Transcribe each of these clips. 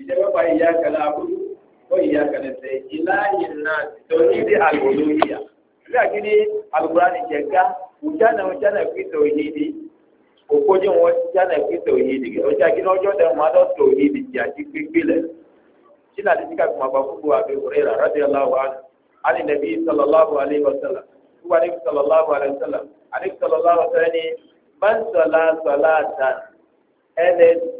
ìjẹ́pẹ́pà ìyá kẹlẹ́ abúlé wọ́n ìyá kẹlẹ́ tẹ ìláyìn náà tó ní ilé àlùkòló yíyà nígbà kí ni alùpùpù ni jẹ ká ojana ojana fito yìí okojú wọn ojana fito yìí ọjà kí ni ọjọ́ tẹ wọn adọ́ tó yìí ti àti gbégbé lẹ̀ sínú àdìsí ká kùmà gbàgbọ́ àbí òrèrà radiyallahu anhu àni nàbí sallallahu alayhi wa sallam wíwá ní sallallahu alayhi wa sallam àni sallallahu alayhi wa sallam ni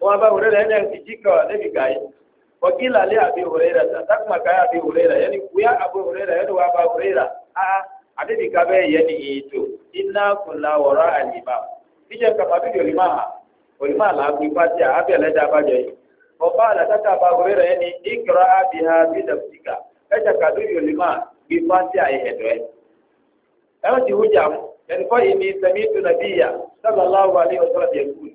wọn bá wòlé rẹ ẹni ìjìká wà níbi gàáyé wọkìlá lé àbí wòlé rẹ sàtàkùmá káyà àbí wòlé rẹ yẹni kúyà àbí wòlé yẹni bá a àbíbi yẹni ètò iná kùnà wọrọ àlìmá bíjẹ kàmá bíbi olùmọ hà olùmọ àlà àbí pàṣẹ àbí ẹlẹdà àbájọ yìí ọba àlàkàtà àbá wòlé yẹni ìkọrọ àbí ha bí dàbíkà ẹ ẹ ti yìí ni sẹ́mi sábà ọ̀sán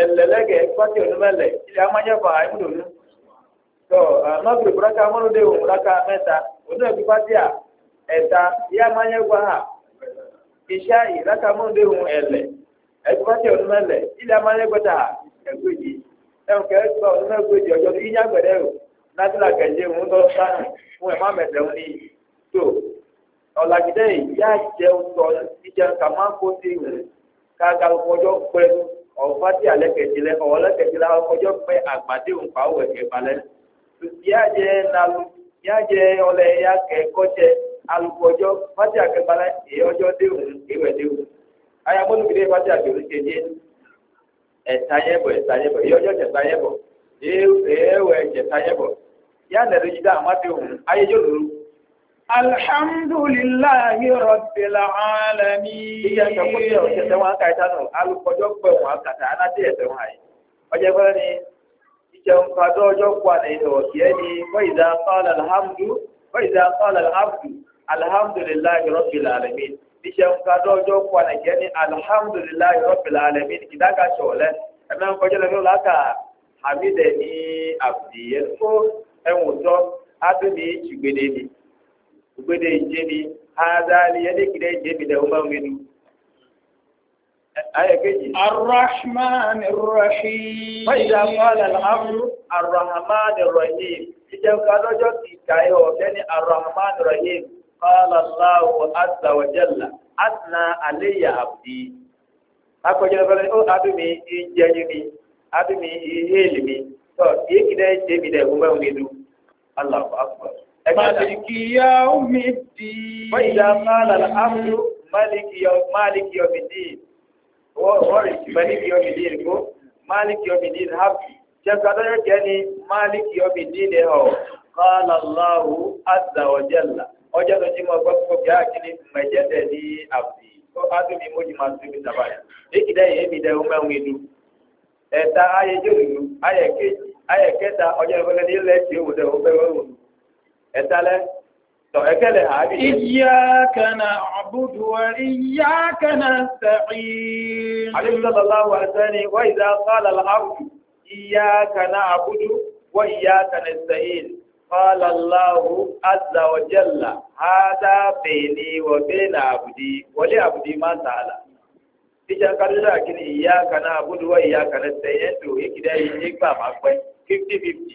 ẹlẹlẹgẹ pati onímẹlẹ ilẹ amanyẹfà ayélujára tọ nọọsì buraka amọlódé òun buraka mẹta onú ẹbí pati a ẹta ilẹ amanyẹfà ha iṣẹ ayé buraka amọlódé òun ẹlẹ ẹbí pati onímẹlẹ ilẹ amanyẹfẹta ha ẹgbẹjì ẹnkẹ ẹgbẹ onímẹgbẹjì ọjọ tó yíyan gbẹdẹ o nàtìlá gẹjẹ òun tọ sáà fún ẹ má mẹtẹ òun ni tó ọlàgídẹ yìí yá jẹun tọ ìjẹun kàmá kó sí ìwé ká kàlùkọjọ pẹlú. ọ̀fọ́tì alẹ́ a ọ̀wọ́lẹ́ kẹ̀jìlẹ̀ ọkọjọ́ pé àgbàdé òǹkà òwẹ̀ kẹbalẹ̀ yájẹ nalu yájẹ ọlẹ ya kẹkọjẹ alùpọ̀jọ́ fọ́tì akẹbalẹ̀ ìyọjọ́ déhùn ìwẹ̀ déhùn ayamọ́nùkìdé fọ́tì àgbèrú kẹjẹ ẹ̀ta yẹbọ̀ ẹ̀ta yẹbọ̀ ìyọjọ́ jẹta yẹbọ̀ jẹta dá lòlù Alhamdulillahi Rabbil Alamin. Iye ìṣẹ̀kú tí ọ̀ṣẹ̀ tẹ́wọ́n á káyítá nù, alùpọ̀jọ́ pẹ̀ wọ́n á kàtà, aláti ẹ̀sẹ̀ wọn àyè. Ọjọ́ ìfẹ́ ni ìjẹun kàdọ́ ọjọ́ pọ̀ àná ìlú ọ̀kì ẹ́ ni Fọ́ìdà Alhamdu, ọjọ́ ugbede ijebi hadali yadikide ijebi da umar minu aya keji arrahman arrahim fa'ida qala al-abdu arrahman arrahim ije ka lojo ti kai o be ni arrahman arrahim qala allah azza wa jalla asna alayya abdi ako jere bele o adumi ijeji mi adumi iheli mi to ikide ijebi da umar minu allahu akbar Màlìkì yá omi dì í. Wọ́n ìdá Màlà Amúlú Màlìkì Yomi dì í. Màlìkì Yomi dì í kó. Màlìkì Yomi dì í hàpì. Jẹ́sọ̀ adájọ́ jẹ́ ni Màlìkì Yomi dì í lẹ̀ ọ̀. Kọ́lá Láhu Azza Ọ̀jẹ̀là. Ọjọ́ tó ti mọ gbọ́dọ̀ kí á kí ni mẹ̀jẹ̀dẹ̀ ní àbí. Ó bá tún mi mójú máa tún mi sábàyà. Èkì dẹ́yìn èmi dẹ́ ọmọ ẹ̀wọ̀n ìlú. Ẹ̀ta ayẹyẹ òdòdó, ayẹkẹta, ọjọ́ ìfọlẹ́ni ilẹ̀ ti òwò dẹ́ ọgbẹ́ wẹ́wọ̀n ẹtalẹ tọ ẹkẹlẹ àbí. iyyaka na'budu wa iyyaka nasta'in. àdébí sallallahu alaihi wasallam wa idha qala al-abdu iyyaka na'budu wa iyyaka nasta'in. qala Allahu azza wa jalla hadha bayni wa bayna abdi wa li abdi tó ìkìdá yìí máa pẹ́ fifty fifty.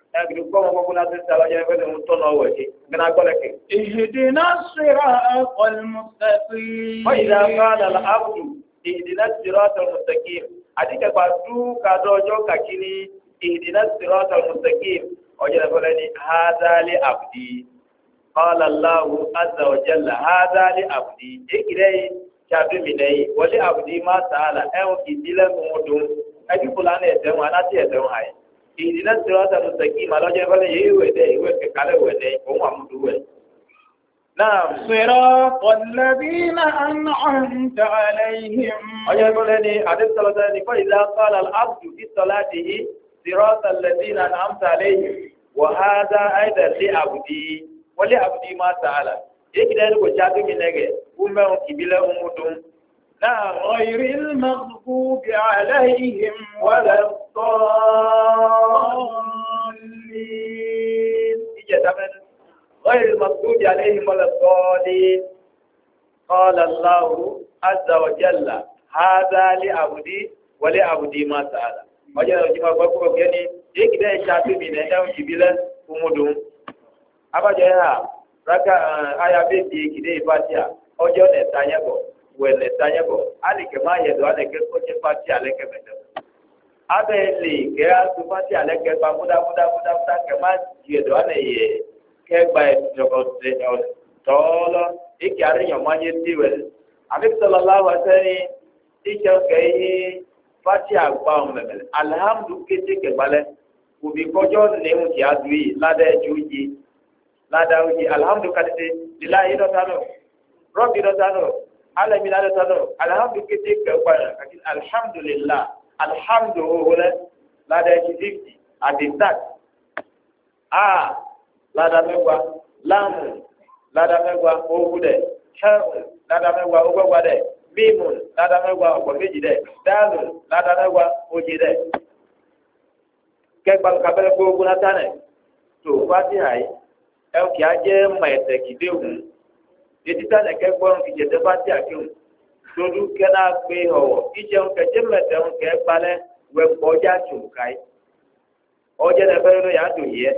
ẹgbẹ̀rún gbọ́ wọn gbogbo láti sára yẹn fẹ́ lẹ́nu tọ́nà ọwọ́ ẹ̀dí gbẹ́nà gbọ́lẹ̀kẹ́. ìdènà sèrà ọ̀lùmùsẹ̀kì. wọ́n yìí dáa bá dàlà ábùdù ìdènà sèrà ọ̀lùmùsẹ̀kì àdìgbàgbà dú kàdọ́ ọjọ́ kàkiri ìdènà sèrà ọ̀lùmùsẹ̀kì àbùdí. قال الله عز وجل هذا لعبدي إكري شابمني ولعبدي ما سأل ìdílé tí wọn sàtò sẹkí ma lọjọ ìfọlẹ yìí ìwé dẹ ìwé kẹkálẹ ìwé dẹ òun àmúdú wẹ. náà. صراط الذين أنعمت عليهم. ọjọ́ ìfọlẹ́ ni àdébísọ̀lọ́sọ ni fún ìlà قال العبد في صلاته صراط الذين أنعمت عليهم وهذا أيضا لعبدي ولعبدي ما سأل. èkìlẹ̀ ẹni kò jáde mi nẹ́gẹ̀ kú mẹ́rin kìbílẹ̀ ń لا غير المغضوب عليهم ولا الضالين غير المغضوب عليهم ولا الضالين قال الله عز وجل هذا لعبدي ولعبدي ما سأل وجل وجمع بكوك يعني ديك ده شافي من أنه جبلا ومدوم أبا جاء ركا آية بيتي كده فاتحة أجل نتانيكو wẹlẹ tanyẹ bọ alike ma yẹ do alike kọjẹ pati alike mẹtẹ abẹ le kẹ ato pati alike pa muda muda muda muda kẹ ma yẹ do yẹ kẹ gba ẹtọkọtẹ e tọọlọ ike ari nye ti wẹlẹ amisalawo asẹni kẹ yi pati agba kete obi kọjọ ti adu yi e yi alẹ́mi náà lọ́tọ́ náà alihamdu kété kẹ́kọ̀ọ́ yẹn kàkí alihamdulilá alihamdu a ládàá mẹ́wàá láàmù ládàá Lada owó dẹ̀ hẹ́rù ládàá mẹ́wàá ogbẹ́wà dẹ̀ de. Mimu Lada ọ̀pọ̀ méjì dẹ̀ dáàlù ládàá mẹ́wàá ojì dẹ̀ kẹ́gbàlù kábẹ́rẹ́ gbogbo ètí sálẹ̀ kẹ́gbọ́n kì jẹ́tẹ́ bá ti àkéwù dodo kẹ́nà gbé ọ̀wọ̀ ìjẹun kẹ́tẹ́ mẹ́tẹ̀ẹ̀hún kẹ́ gbalẹ̀ wẹ̀ ọjà tó káyé ọjà náà fẹ́rẹ́ lóyè àdó yẹ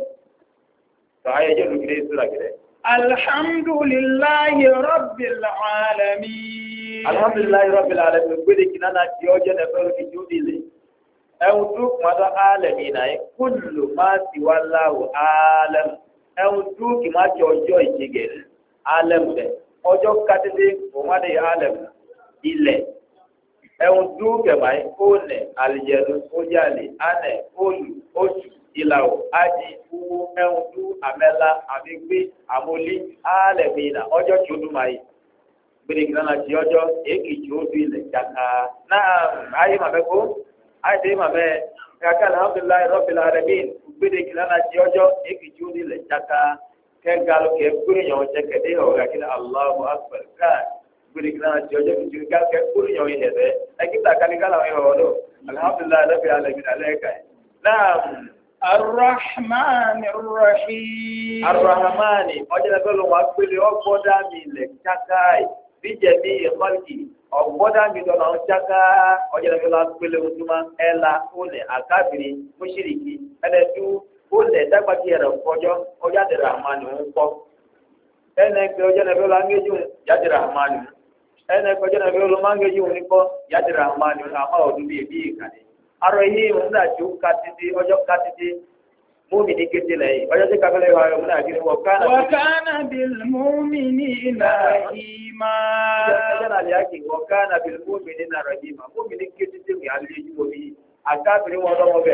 tó ayé jẹ́ olùkílé sóra kẹlẹ́. alhamdulilayi rabi alami. alhamdulilayi rabi alami gbèdé kìnnà náà ti ọjà náà fẹ́rẹ́ lóyè tó délé ẹ̀hún tó kùn alami náà yẹ kúlù má ti láwù alam ẹ̀hún tó kì má ti ọjọ́ ìjẹgẹ̀rẹ̀. alẹ́mù rẹ̀ ọjọ́ katete òmàdé alẹ́mù ilẹ̀ ẹ̀hún dúró kẹ̀máyé ọ̀nẹ̀ àlìjẹ̀nu ọ̀yàlẹ̀ anẹ̀ ọ̀lù oṣù ìlàwọ̀ ájì wúwo ẹ̀hún dúró àmẹ́lá àmígbé àmọ́lé alẹ́mù ìlà ọjọ́ tí ó dùn máa yìí gbèdéke náà ti ọjọ́ èkì tí ilẹ̀ náà ayé màmẹ́ kó ayé tẹ́ màmẹ́ kàkà rẹ̀ gbèdéke náà ti ọjọ́ èkì tí ilẹ̀ kẹgàlù kẹ gbóríyàn ọjọ kẹdẹ ọgá kí ni aláwọ akpẹrẹ káà gbórí kí náà jẹ ọjọ kìtìrì ká kẹ gbóríyàn yìí hẹbẹ ẹkítà kálíkálà wọn yọ ọdọ alihamudulilayi alẹ́ fi alẹ́ mi naam. arahmani rahim. arahmani ọjọ́ náà bẹ́ẹ̀ ló wá pélé ọgbọ́dá mi lẹ̀ kákáì bíjẹ̀ mi ìkọ́lì ọgbọ́dá mi dọ̀nà ọ̀ṣáká ọjọ́ náà bẹ́ẹ̀ ló wá pélé ojúmọ́ ẹ̀ la ó lẹ̀ àkábìrì ụlọ etakpatiere ọjọ ọjọ adịrị amanụ nkwọ enekpe ọjọ na ebe ụlọ angeji ya dịrị amanụ enekpe ọjọ na ebe ụlọ mangeji nwụnikọ ya dịrị amanụ ama ọdụbi ebi ikadị arọ ihe mụnachi ụka titi ọjọ ụka titi múmi ní kété lẹ́yìn ọjọ́ tí kábẹ́lẹ́ wa rẹ̀ múnà gírí wọ kánà wọ kánà bíl múmi ní ìlàhìmá ọjọ́ náà lè ákì wọ múmi ní kété tí mi á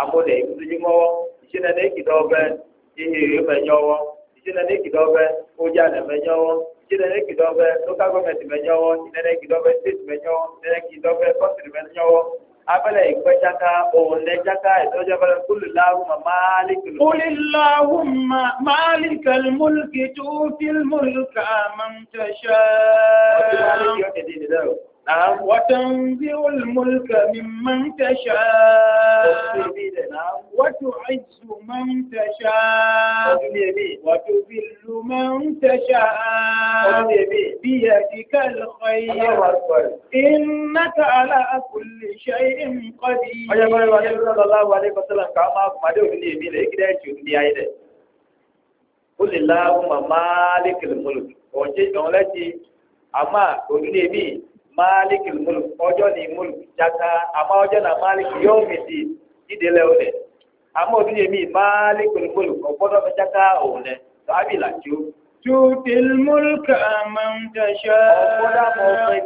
amụna ebutụji mọwọ ichina na-ekide ọbe ihere menye ọwọ ichina na-ekide ọbe ụja na-emenye ọwọ ichina na-ekide ọbe lokal gọọmenti menye ọwọ ichina na-ekide ọbe steeti menye ọwọ ichina na-ekide ọbe kọntiri menye ọwọ abẹ́lẹ̀ ìpẹ́jáká òun lẹ́jáká ìtọ́jọ́bẹ̀rẹ̀ kúlùláhùmà máàlìkìlù. Na'am. Wa tanzi'ul mulka mimman tasha. Na'am. Wa tu'izzu man tasha. Wa tudhillu man tasha. Bi yadika al-khayr. Innaka ala kulli shay'in qadir. Oye bọ́lá wa ní sallallahu alaihi wasallam kà á máa kùmàdé òfin ní èmi rẹ̀ kí dẹ́ ti òfin ní ayé rẹ̀. Ó lè láwọn màmá lékele mọ́lò. Ọ̀jẹ̀ ìjọ̀wọ́n lẹ́sìn àmà òfin ní èmi máàlìkì múlùk ọjọ́ ní múlùk jata àmọ́ ọjọ́ náà máàlìkì yóò mi di dídé lẹ́wọ̀ lẹ̀ àmọ́ òbí mi máàlìkì múlùk ọgbọ́dọ̀ mi jata òun lẹ̀ tọ́ تؤتي الملك من تشاء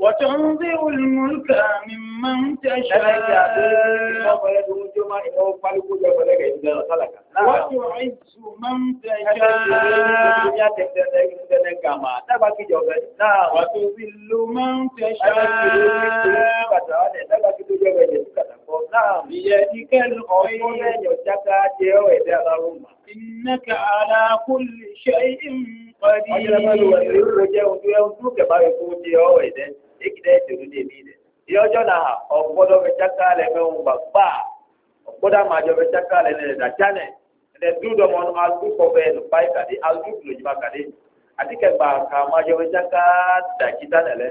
وتنزع الملك ممن تشاء وتعز من تشاء وتذل من تشاء إنك على كل شيء قدير náà ọ̀gbọ́dọ̀ fi ṣáká lẹ̀ gbàgbà ọ̀gbọ́dọ̀ àmà àjọ fi ṣáká lẹ̀ lẹ̀ dàjánẹ̀ ẹ̀ dúdọ̀ mọ́ alùpùpọ̀ bẹ́ẹ̀ lù páì kàdé alùpùpù lòjì kàdé àti kẹgbà kà àmà àjọ dàjítà nẹ̀lẹ́.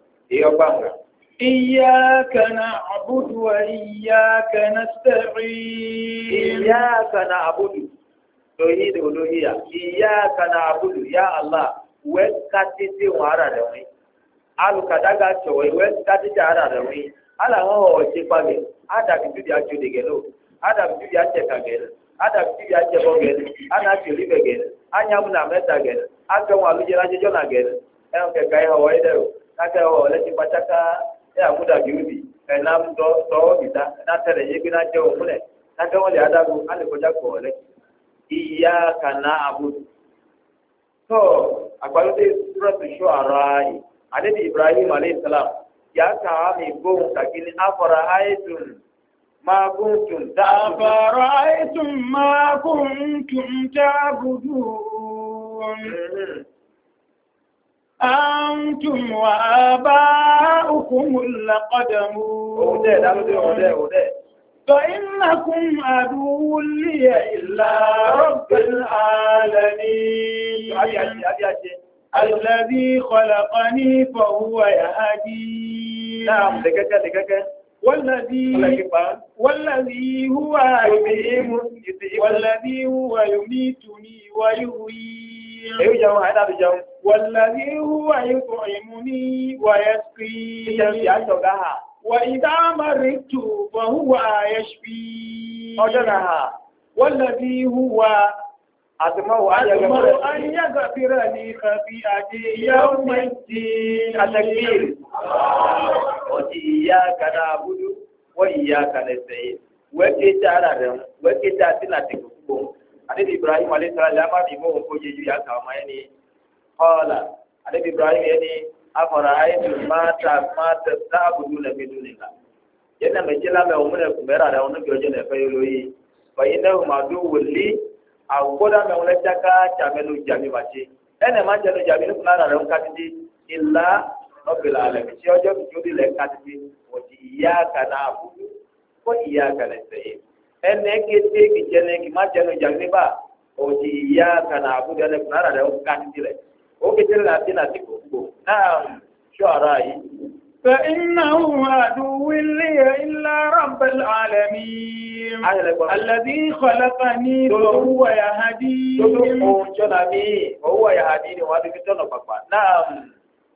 إيقظنا إياك نعبد وإياك نستعين إياك نعبد توحيد ألوهية إياك نعبد يا الله وكاتتي وارا دوي alùkàdága tsọ̀wọ́ ìwé kádìjà ara rẹ̀ wí aláwọ̀ ọ̀jẹ̀ pàgẹ́ ádàbí bíbí atsọ dègẹ̀ lò ádàbí bíbí atsẹ kàgẹ̀ ádàbí bíbí atsẹ bọ̀gẹ̀ ánàtsọ líbẹ̀ gẹ̀ ányamu gẹ̀ lájẹjọ́ kaka wɔ le tsi kpatsaka eya kuda biwubi ena dɔ dɔwɔ bi ta ena tɛ ɖe yegbe na dze wɔ mu lɛ kaka wɔ le adago ale kɔdza gbɔ wɔ lɛ iya kana abudu tɔ agbalo de surɔtu sɔ ara yi ale de ibrahim alayhi salam yaka ami gbɔn kakini afɔra ayi tun. ما كنتم أفرأيتم ما كنتم تعبدون أنتم وآباؤكم الأقدمون فإنكم عدو لي إلا رب العالمين الذي خلقني فهو يهدي نعم دقيقة دقيقة والذي والذي هو يميتني والذي هو يميتني ويحيي èyí jẹun àìdàbí jẹun. wàlàní wúwà ikọ̀ ìmúní wàyẹ́sì. ìjẹun sì àjọ gáà. wà ìdá márìtù wàhúwà yẹ́sì. ọjọ́ náà wàlàní wúwà àtìmọ́wò ayẹ́gbẹ̀rẹ̀ ní kàbí àti ìyá ọmọ ìdí àtẹ́gbìrì. ọjí ìyá kàdà àbúrú wọ́n ìyá kàdà ẹ̀sẹ̀ yìí anabi ibrahim alayhi salam lama mi mo ko jeju ya ka ma yani qala anabi ibrahim yani afara ayatu ma ta ma ta ta'budu la bidunillah yana me jela me umune ku mera da onu goje ne fa yolo yi fa inna ma du wali agoda me wala chaka chamelu jami bachi ene ma jelo jami ni kuna da on katidi illa rabbil alamin ti ojo bi jodi le katidi wa iyyaka na'budu wa iyyaka nasta'in ene ke te ki jene ki ma jeno jangni ba o ji ya kana abu da ne kuna da o kan dire o ke tele la tina ti ko ko na shuara yi fa innahu adu li illa rabbil alamin alladhi khalaqani wa huwa yahdini o jona mi o huwa yahdini wa bi tono papa na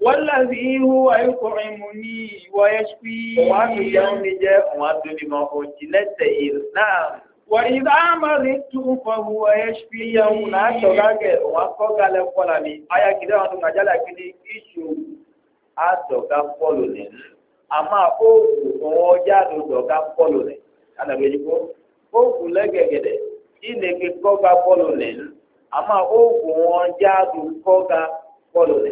Wallazi huwa yut'imuni wa yashfi. Wọ́n á tún jẹun ní jẹ́, wọ́n á tún ní mọ òjì lẹ́sẹ̀ ìlànà. Wà ìdá àmàlí tún fọwọ́ wa yashfi. Ìyàwó náà tọ́gá gẹ̀, wọ́n á kọ́ òògùn ọwọ́ jáde tọ̀gá pọ́lù ni. Ànàbẹ̀ òògùn lẹ́gẹ̀gẹ̀dẹ̀ ìnèké kọ́gá pọ́lù ni. Àmọ́ òògùn wọn jáde kọ́gá pọ́lù ni.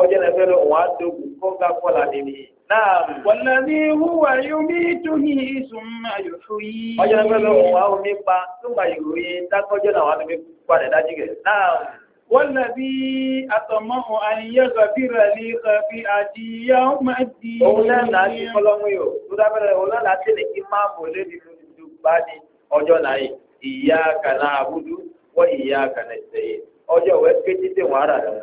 ọjọ́ náà fẹ́rẹ̀ wọ́n á dogun kọ́ńgá kọ́là nìyí. náà wọ̀lẹ́bí wúwa yóò bí tóhi sùn máa yìí. ọjọ́ náà fẹ́rẹ̀ wọ́n á omi pa tó máa yòó dákọ́jọ́ náà wọ́n á fi padà dájú gẹ̀. náà wọ̀lẹ́bí àtọ̀mọ́ àníyàn kàfíra lè ọjọ́ náà kéjì tẹ̀ wọ́n ara rẹ̀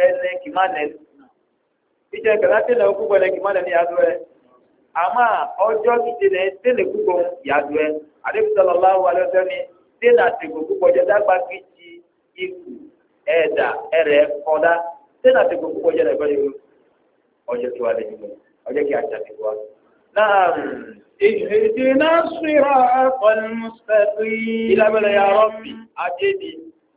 ene kimane ije kala tele okugbo ne kimane ni adue ama ojo kitele tele kugbo ya adue alayhi sallallahu alaihi wasallam tele ati kugbo je dagba kiji iku eda ere koda tele ati kugbo je dagba iku ojo ti wale ni ojo ki aja ti wa naam اهدنا الصراط المستقيم إلى بلا يا ربي أجدي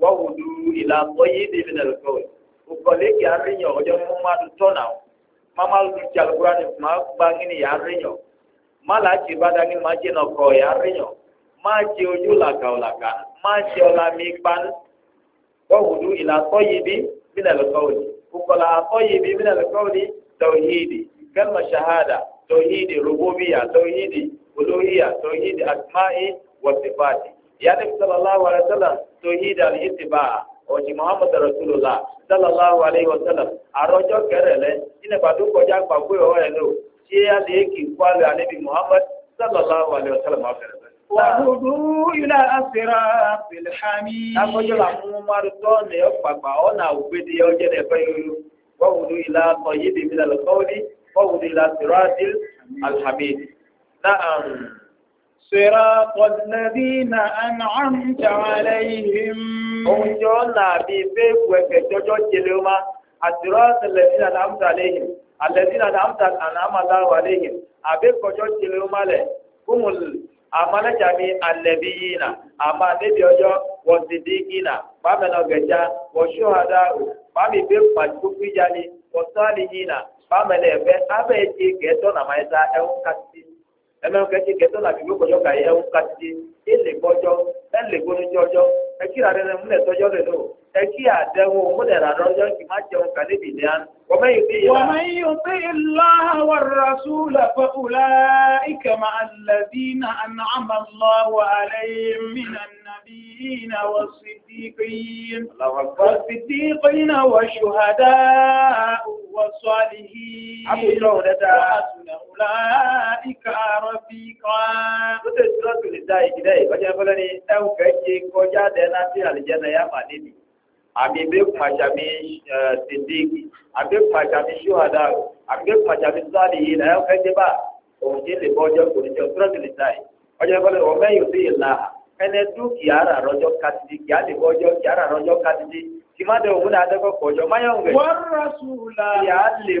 wọ́wọ́ du ìlà bọ́yé débi nà lọ́kọ́ yìí òkọ̀lẹ́ kì á rìn yàn ọjọ́ mọ́ máa tọ́ nà ó má má lu jalukura ni má gba ngini yà á rìn yàn má là á tsi bá dá ngini má tsi nà ọkọ̀ ojú làkà ọ̀làkà má tsi ọ̀là mi kpan ìlà bọ́yé bí bí nà lọ́kọ́ yìí òkọ̀lẹ́ àbọ́yé bí bí nà ya nabi sallallahu alaihi wasallam tauhid al-ittiba oji oh, muhammad rasulullah sallallahu alaihi wasallam arojo kerele ina badu ko ja pa ko o elo ti ya le ki kwa le nabi muhammad sallallahu alaihi wasallam afere Wàhùdú ilé àṣírà Bìlhámi. Lákọ̀jọ́ làwọn ọmọ arúgbó ní ọ̀pàgbà ọ̀nà ògbédè ọjọ́ ẹ̀fẹ́ yòó. Wàhùdú ilé àtọ̀ yìí bèbí lálẹ́ kọ́wé. Wàhùdú ilé àṣírà Bìlhámi. Náà. صراط الذين أنعمت عليهم أنجونا بيبك وكتوجو جلوما الصراط الذين أنعمت عليهم الذين أنعمت أنعم الله عليهم أبيك جلوما amana jami ama nebi ojo wasidikina geja washuhadau be wasalihina abe ti geto na maisa e un ɛmɛ kɛtsi kɛtɛ la bi gbɔdzɔ ka yi ɛwu katiti ele gbɔdzɔ ele gbɔnudzɔdzɔ ekira ɖe ne mu ne tɔdzɔ le no ẹkí àdẹ́wọ̀n múlẹ̀rà lọ́jọ́ kì má jẹun kàlébi ní à. wọ́n yìí yóò pé ilá wà rasú lẹ́fọ́ ulá ìkẹmà àlẹ́bí na ànàmà lọ́wọ́ àlẹ́yé mìíràn nàbí na wọ́n sì dí kéyìn. wọ́n sì dí kéyìn na wọ́n ṣùhádá wọ́n sọ àlìhí. àbújọ rẹ̀ dá. wọ́n ulá ìkà rọ̀bì kan. ó tẹ̀síwájú lè dá ìdílé ìkọjá fọlẹ́ni ẹ̀ ń fẹ́ ṣe kọjá dẹ́ná sí àlìjẹ́ náà yá màdébí abi be kuma jami eh, sidiki abi kuma jami shuhada abi be kuma jami salihin eh, ayo kaje ba o je le bojo ko ni jo sura le dai ojo ko le o me yo ti la ene du ki ara rojo katidi ki ale bojo ki ara rojo katidi ki ma de o na de ko kojo ma yo nge war rasula ya le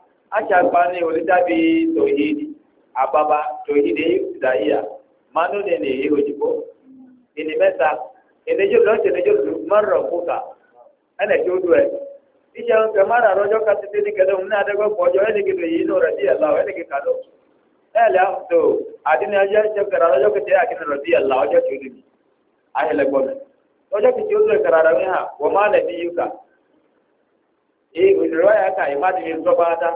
a olitabi tohidi ababa tohidi yudaia manu nene yehojibo ini meta enejo lọtẹ enejo mọrọ kuka ẹnna tí o do ẹ iṣẹ ọkẹ mara rọjọ katete ni kẹlẹ òun náà dẹgbẹ pọjọ ẹni yìí nù rẹdí ẹ láwọ ẹni kẹkà lọ ẹ àdínní ọjọ ẹjọ kẹrẹ rọjọ kẹtẹ àkínní rẹdí ẹ láwọ ọjọ tí o ayẹlẹgbọ wọ́n má ní ìrìnrìn wáyà ń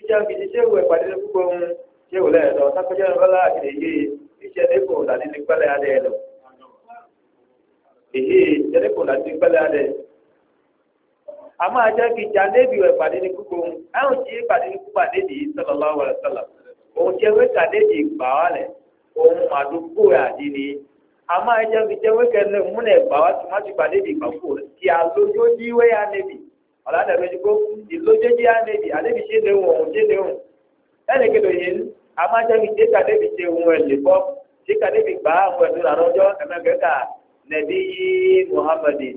ìjà gidi ṣéwù ẹ̀pàdé púpọ̀ ń ṣéwù lẹ́ẹ̀dọ́ sákọ́jọ́ ńlọ́lá àgbègbè iṣẹ́ dẹ́kọ̀ láti ní pẹ́lẹ́ adé lọ. èyí iṣẹ́ dẹ́kọ̀ láti ní pẹ́lẹ́ adé. àmọ́ ajá gidi àdébì ẹ̀pàdé ní púpọ̀ ń tí ìpàdé ní àdébì òun ìlójéjì ànẹ́bì ànẹ́bì ṣe lè wọ̀ ọ̀hún ṣe lè wọ̀ ẹnì kìlọ̀ yìí amájẹ́mi ṣe kàdébì ṣe ohun ẹ̀ bọ́ ṣe kàdébì gbà àwọn ẹ̀dùn àrọ́jọ́ ẹ̀mẹ́gbẹ́ka nẹ̀bí yìí muhammadu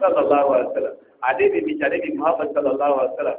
sallallahu wa sallam àdébì mi ṣàdébì muhammadu sallallahu alaihi wa sallam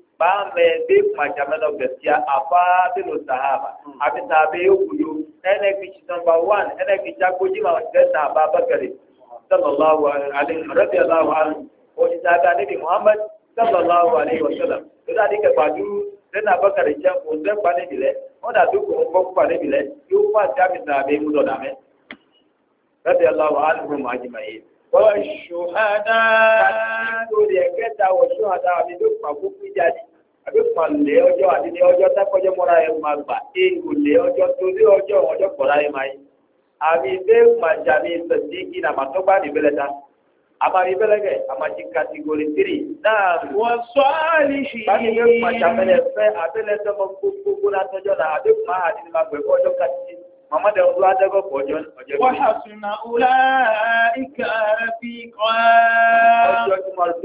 ba me be majame no gaskiya a fadilu sahaba abi sahabe ya kuyo ene kici number 1 ene kici akoji ma ga sahaba bakare sallallahu alaihi radiyallahu anhu o ji ta ga nabi muhammad sallallahu alaihi wasallam to da dike badu lẹ́nà abọ́kàrẹ̀ jẹ́ òǹdẹ́ pàdé bìlẹ̀ wọ́n dà dúkù ń bọ́ pàdé bìlẹ̀ yóò fà sí àmìsàn àmì ìmú dọ̀dà mẹ́. Bẹ́ẹ̀ lọ wà á lùmọ̀ àjùmọ̀ yìí. Wọ́n ṣùhádá. Kàtí nítorí ẹ̀kẹ́ta wọ̀ ṣùhádá àmì ló pàgó fún ìjáde àbí kan lé ọjọ́ àti ní ọjọ́ tákọ́jọ́ mọ́ra ẹ̀ máa gbà é kò lé ọjọ́ torí ọjọ́ ọjọ́ kọ̀ọ̀rá ẹ̀ máa yí. àmì ìfẹ́ màjà mi sọ̀tì kí ni àmàtọ́gbà níbẹ̀lẹ̀ ta. àmàrí bẹ́lẹ̀kẹ̀ àmàjì kàtìgòrì tírì. náà wọ́n sọ á lè ṣì yí. báyìí pé màjà mẹ́lẹ̀ fẹ́ abẹ́lẹ́sẹ̀ mọ gbogbo látọjọ́ náà àbí kùmà àti nígbà pẹ̀lú ọjọ́ kàtìgì Mọ̀mọ́dé ọdún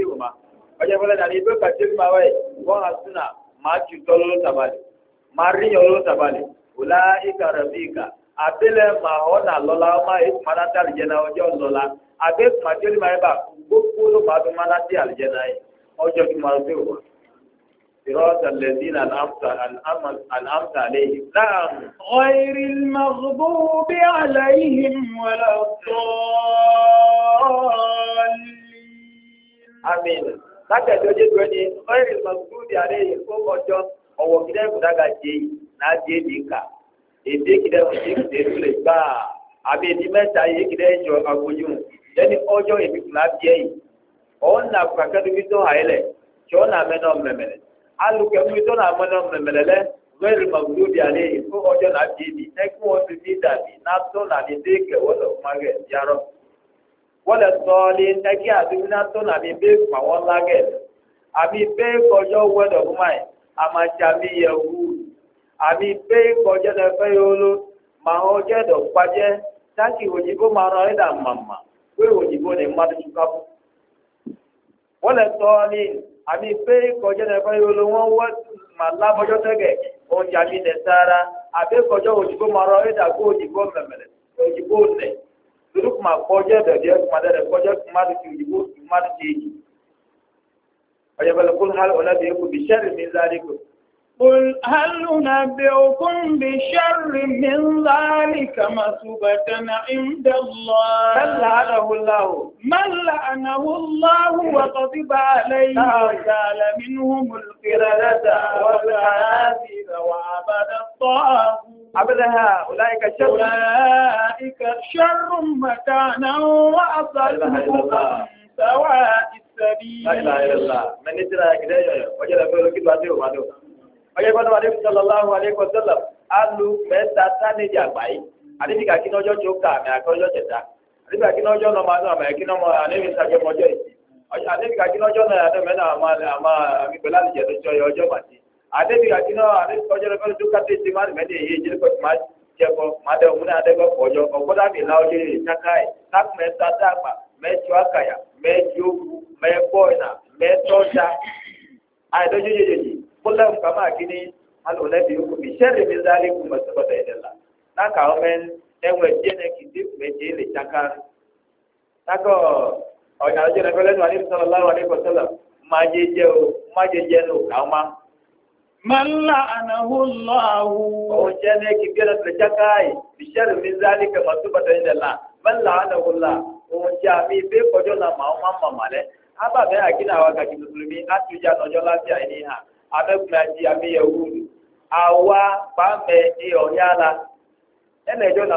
Wọ́n ọjọ́ fọlẹ́ nàní ibẹ̀ kàtí ẹ̀kú máa wáyé wọ́n á sún náà máa tù tọ́ lọ́lọ́ tàbálẹ̀ máa rí yàn lọ́lọ́ tàbálẹ̀ ọ̀la ìkà rẹ̀ bí ìkà àbílẹ̀ máa ọ̀ nà kájàdé ojú ìgbẹ́ ni ọ́yìn ìmọ̀gbọ́n bí àárẹ̀ yìí kó ọjọ́ ọ̀wọ̀ kìdẹ́ ìkùdá ga jẹ́ yìí náà jẹ́ èdè ìkà èdè kìdẹ́ ìkùdé ìdúlẹ̀ gbà àbí èdè mẹ́ta yìí kìdẹ́ ìjọ agbójú lẹ́ni ọjọ́ èmi kùlá bíẹ́ yìí ọ̀hún nà kàkẹ́dù bí tó hàyẹ́ lẹ̀ tí ó nà mẹ́nà mẹ́mẹ́lẹ́ alùpẹ̀ mi tó mẹ́nà wọ́lẹ̀ sọ́ọ́lì ẹgbẹ́ àdúgbò tó nà mí lágẹ̀ àmì bẹ́ẹ̀ kọjọ́ wẹ́dọ̀ fún mà yìí àmì bẹ́ẹ̀ kọjọ́ náà fẹ́ màá jẹ́dọ̀ kpadjẹ́ táàkì òyìnbó máa rán ẹ̀dá màmá pé òyìnbó ni fún. wọ́lẹ̀ àmì kọjọ́ wọ́n wọ́ tẹ́gẹ̀ toro kuma kɔjɛ dɛdɛ kuma dɛ kɔjɛ kuma de ti yibo kuma de ti yi ɔyɛ bɛlɛ kul hali o la de ko bi sɛri min zaali ko. قل هل ننبئكم بشر من ذلك مثوبة عند الله من لعنه الله من لعنه الله وغضب عليه وجعل نعم. منهم القردة والخنازير وعبد الطاغوت عبدها أولئك شر أولئك شر مكانا وأضل سواء السبيل لا إله إلا الله من يترى كده وجد في لك دواتي ومادو Ọjọ́ ìgbọ́dọ̀ wà lẹ́kùn sọ́lọ́láhùn alẹ́kùn sọ́lọ́ alù mẹ́ta sánéjì àgbáyé. Àdébí kàkí ní ọjọ́ tó kà àmì àkọ́ ọjọ́ tẹ̀ta. Àdébí kàkí ní ọjọ́ náà máa náà mẹ́kí náà mọ́ àdébí sàgbẹ́mọ́jọ́ adebi adina adebi kɔjɔ lɛ fɛn tu kati ti ma mɛ ne ye jeli kɔ ma jɛ kɔ ma dɛ mun na adebɛ kɔjɔ ɔkɔda mi la ɔye ye taka ye takumɛ ta da gba mɛ tso akaya mɛ tso wu mɛ bɔyina mɛ tɔja ayi dɔ yeye yeye kólɛ mu kama kini alo lɛ bi ko mi sɛ lebi zali kun bɛ sɔgɔ dɛ la n'aka wɔ mɛ ɛwɛ tiɛ nɛ kiti mɛ tse le taka n'aka ɔyina ɔjɔ lɛ fɛn lɛ nu ale من لعنه الله وجنة كبيرة لجكاي بشر من ذلك مكتوبة عند الله من لعنه الله وجامي na كجونا ما ماما مالي haba bẹ akina wa kaki musulumi atuja n'ọjọ láti àìní hàn amẹkùnrin àmì yahudu àwa pàmẹ ní ọyára ẹnna ẹjọ nà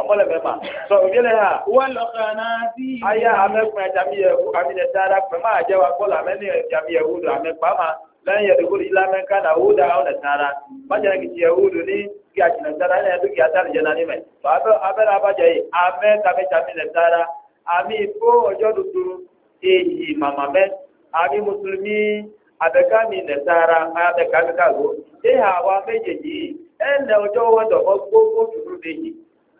ọmọlẹ mẹma sọ òbí lẹ ha. wọlọ kana bí. aya amẹkun ẹjami yẹ wu ami lẹ dara pẹ máa jẹ wa kọlọ amẹni ẹjami yẹ wu do amẹkpa ma lẹyìn ẹdókòrò yìí lamẹ kana wu da ọlẹ dara bàjẹ́ ní kìtì yẹ wu do ní kí a jìnnà dara ẹni ẹdókòrò yìí atari jẹ nani mẹ tó abẹ abẹrẹ abajẹ yìí amẹ kàmi jami lẹ dara ami fó ọjọ́ dúdúró èyí màmá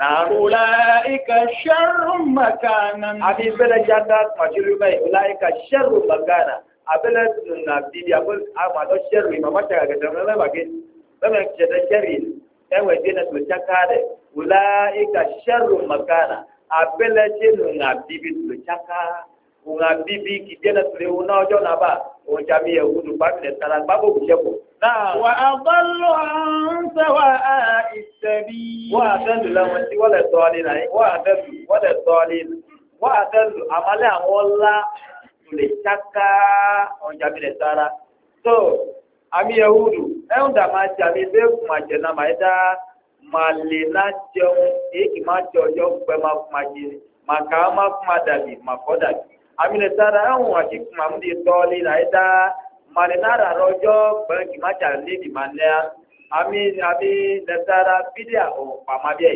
Nàrú láìka ṣẹ́rù màkánà. Àbí ìbẹ̀rẹ̀ jáde màjúrú báyìí, láìka ṣẹ́rù màkánà. Abẹ́lẹ̀ nà bíbí àmàdọ́ ṣẹ́rù ìmàmá ṣàgàgàdà mẹ́mẹ́ bàgé. Mẹ́mẹ́ ṣẹ̀dẹ̀ ṣẹ́rì ẹ̀wẹ̀ dínà tó ṣáká rẹ̀. Láìka ṣẹ́rù màkánà. Abẹ́lẹ̀ ṣẹ́rù nà bíbí tó ṣáká. Nà bíbí kìdí ẹ̀nà tó léwu náà ọjọ́ nàbà. Òun jàmí ẹ̀wù وأضلوا عن سواء السبيل وأدلوا لهم أنت ولا الضالين وأدلوا ولا الضالين وأدلوا أمالا والله tulitaka onjabile sara so ami yahudu ẹ̀hún dà máa jẹ àmì ẹgbẹ́ kùmà jẹ náà máa dá máa lè ná jẹun èyí máa jẹ ọjọ́ pẹ́ máa kùmà jẹ máa kà á máa kùmà dàbí máa kọ́ dàbí àmì lè malinara rɔjɔ gbɛnji matsa lidi manea ami ami nasara bidia o kpamabiɛ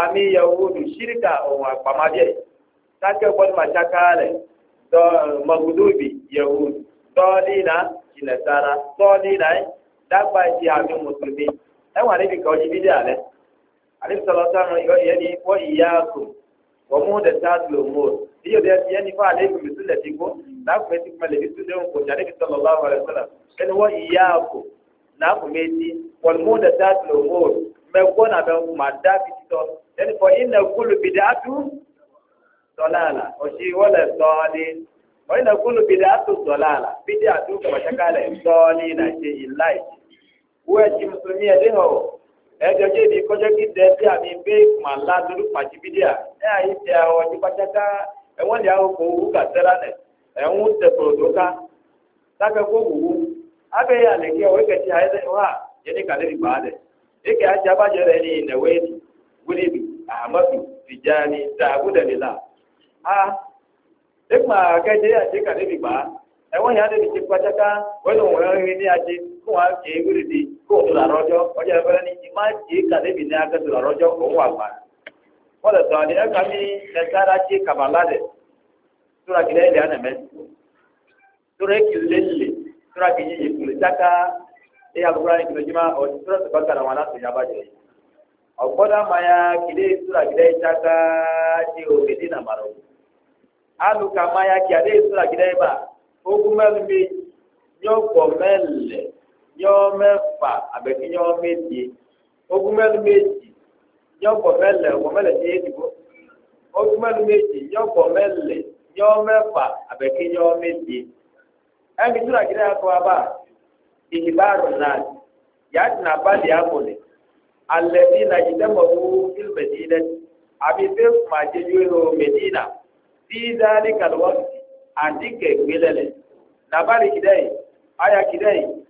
ami yahudu sirika o kpamabiɛ sake wɔli matsaka lɛ tɔ magudubi yahudu tɔɔlina ti nasara tɔɔlina yi ti bi ka ɔdzi bidia lɛ ale sɔlɔ sɔlɔ yɔ wɔmu de ta lo mo iyo de yɛ nifa ale yi kumi sunna ti ko n'a kun bɛ ti kuma le bi sunna ko jaa ne bi sɔlɔ lɔɔre wɛrɛ sɔlɔ ɛni wɔ iya ko n'a kun bɛ ti wɔmu de ta lo mo mɛ gbɔ da bi ti tɔ ɛni fɔ i na kulu bi da tu sɔlɔ a la o si wɔlɛ sɔɔni o i na kulu bi da tu sɔlɔ a la bi da tu kɔmɔtɛ k'a lɛ sɔɔni na se i la yi wɛ de hɔ. ẹjọ jẹ ibi kọjọ kí tẹ bí àmì pé la dúró pàṣípìdíà ẹ àyè tẹ ọjọ pàṣẹká ẹwọn lè àwọn owó kàtẹ lánàá ẹwọn tẹ pòròtò ká sáfẹ kó wùwú abẹ yà lè kí ọwọ wà eke àti abájọ rẹ ní ìnẹwé ni ìjà ni a ẹgbà kẹjẹ àti kàlẹ bí ẹwọn yà wọn ní kó wàá jẹ ewúrẹ́ di kó o tó la rọ́jọ́ ọjọ́ ìfẹ́lẹ́ ni ìmá jẹ kàdébì ní akẹ́tù la rọ́jọ́ kó wà gbà. wọ́n lè sọ̀rọ̀ ní ẹ̀ka mi nẹ̀sára jẹ kàbàlá rẹ̀ tóra kìlẹ̀ ẹ̀dẹ̀ ànàmẹ́ tóra kìlẹ̀ lè tóra kìlẹ̀ yẹ kùlẹ̀ sáká ẹ̀ alukura ní kìlẹ̀ jimá ọ̀ tóra sọ̀kọ̀ kàrà wọn láti yaba jẹ. ọ̀gbọ́dá maya kìlẹ̀ tóra kìlẹ̀ sáká jẹ òkèdè nàmàrọ̀ aluka maya kìlẹ̀ tóra kìlẹ̀ bá ogun mẹ́rin bíi nyɔgbɔ mɛlɛ yọ mẹ́fà àbẹ̀kí yọ méje ogún mẹ́lu méjì yọ gbọ̀ mẹ́lẹ̀ ọgbọ̀ mẹ́lẹ̀ ní èdìbò ogún mẹ́lu méjì yọ gbọ̀ mẹ́lẹ̀ yọ mẹ́fà àbẹ̀kí yọ méje ẹnì tí làgídá yà kọ́ wa bá ìhìbá àrùn náà yàtì nà balẹ̀ àmọ̀lẹ̀ alẹ́ ní nàìjíríà fílù mẹ́dínà àbí fẹ́ màjẹ́ yóò lọ mẹ́dínà bí dáadé kàlùwọ́ àdìgẹ̀ gbélẹ̀ lẹ̀ nàbàlẹ̀ kìdẹ́yì ayà kìdẹ́yì.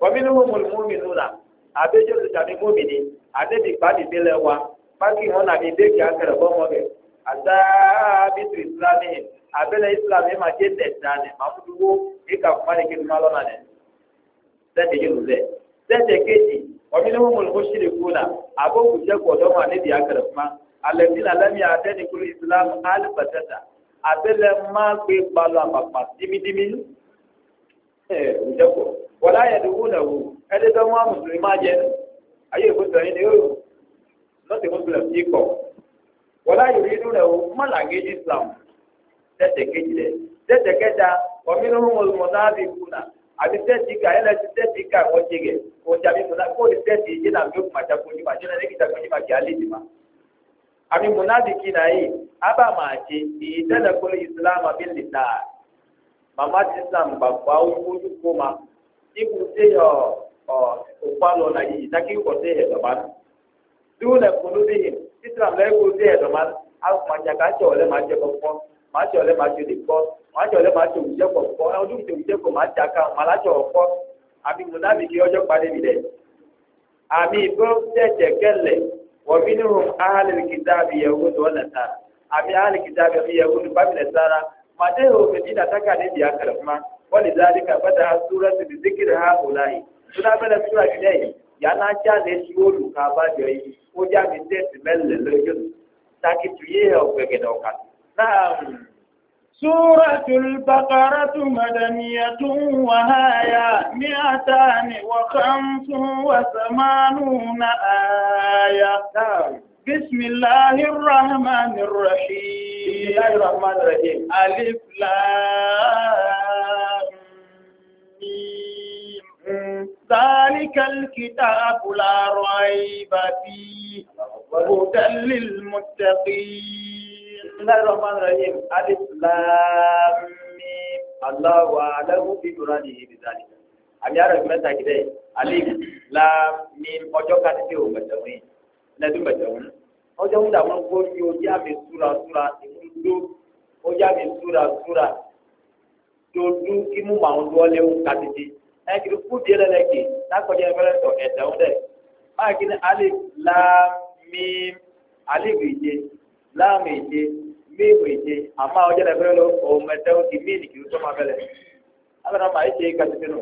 kɔmini wo mo mo mi nu la abe jesu tami mo mi ni ane mi gba mi mi lɛ wa paki hɔn na mi be kia kɛrɛ bɔ mɔ kɛ ata bitu islami abe le islami ma je tɛ ta ne ma mu duwo mi ka kuma ne kiri ma lɔ na ne sɛte yi lɛ sɛte keji kɔmini wo mo de ko la abo kutɛ kɔdɔ islam ali patata abe lɛ ma gbe a ma pa dimidimi ẹ ǹjẹ́ kọ wọlé ayẹyẹ wò náà wò ẹni tó mú amùsùlùmí má jẹ ayé ìfúnṣọ yìí ni ó nọ́ọ̀tì mùsùlùmí yìí kọ wọlé ayẹyẹ yìí náà wò má là ń gé islam tẹ̀tẹ̀ kejì rẹ̀ tẹ̀tẹ̀ kẹta ọ̀mínú mọ̀tà bí kùnà àbí tẹ̀tì ká ẹlẹ́ ti tẹ̀tì ká wọ́n ti gẹ̀ ọjà bí mọ̀nà kó ní tẹ̀tì yìí náà yóò kùmà jà kojú ma jẹ́ náà lẹ́kìtà kojú ma kì á lé jì ma àbí mọ̀nà bí kì náà yìí ábà máa ṣe ìyí tẹ́lẹ̀ kọ́lé ìsìlámù àbí lè náà mama ti san gbagba wo kojú kó ma ibu te yɔ ɔ òkpa lɔ na yi taki kɔ te yɛ dɔba na dúró lɛ kolo de yi titram lɛ kó te yɛ dɔba na awo ma dza ka tsɔ lɛ ma dze kɔkɔ ma tsɔ lɛ ma tso de kɔ ma tsɔ lɛ ma tso wudze kɔkɔ ɛwɔ tó wudze wudze kɔ ma dza ka ma la tsɔ kɔ mi dɛ ami gbɔ tɛ tɛ kɛ lɛ wɔ minnu ahali kitaabi yɛ Matayo Medina ta ne biya karfma wani zalika bada sura su da zikir ha ulai suna bada sura ne ya na ja ne shi o luka ba da yi ko ja mi te ti melle lojun ta ki tuye ya o da oka na suratul baqaratu madaniyatun wa haya mi'atan wa khamsun wa na aya na'am بسم الله الرحمن الرحيم بسم الله الرحمن الرحيم ألف لام ذلك الكتاب لا ريب فيه هدى للمتقين بسم الله الرحمن الرحيم ألف لام الله أعلم بمراده بذلك àbí àrùn ìfúnmẹ́ta kìdẹ́ alif lam mim ọjọ́ kan tí ó gbẹ̀tẹ̀ wọ̀nyí nẹbi mẹtẹwọn ọjọ ń dàwọn gbóyè ọjà sura, súra súra ìmúdó ọjà mi súra súra dodu imu ma ń lọ léwu katiti ẹnkiri kúdi yẹn lẹ ke n'akọjá ẹfẹ lẹtọ ẹtẹwọn dẹ báyìí ni alif lami alif ìdè lami ìdè mímu ìdè àmọ́ ọjọ ẹfẹ lọ ọmọ ẹtẹwọn ti mí nìkiri tó ma fẹlẹ alọ náà ma ẹ ṣe nù.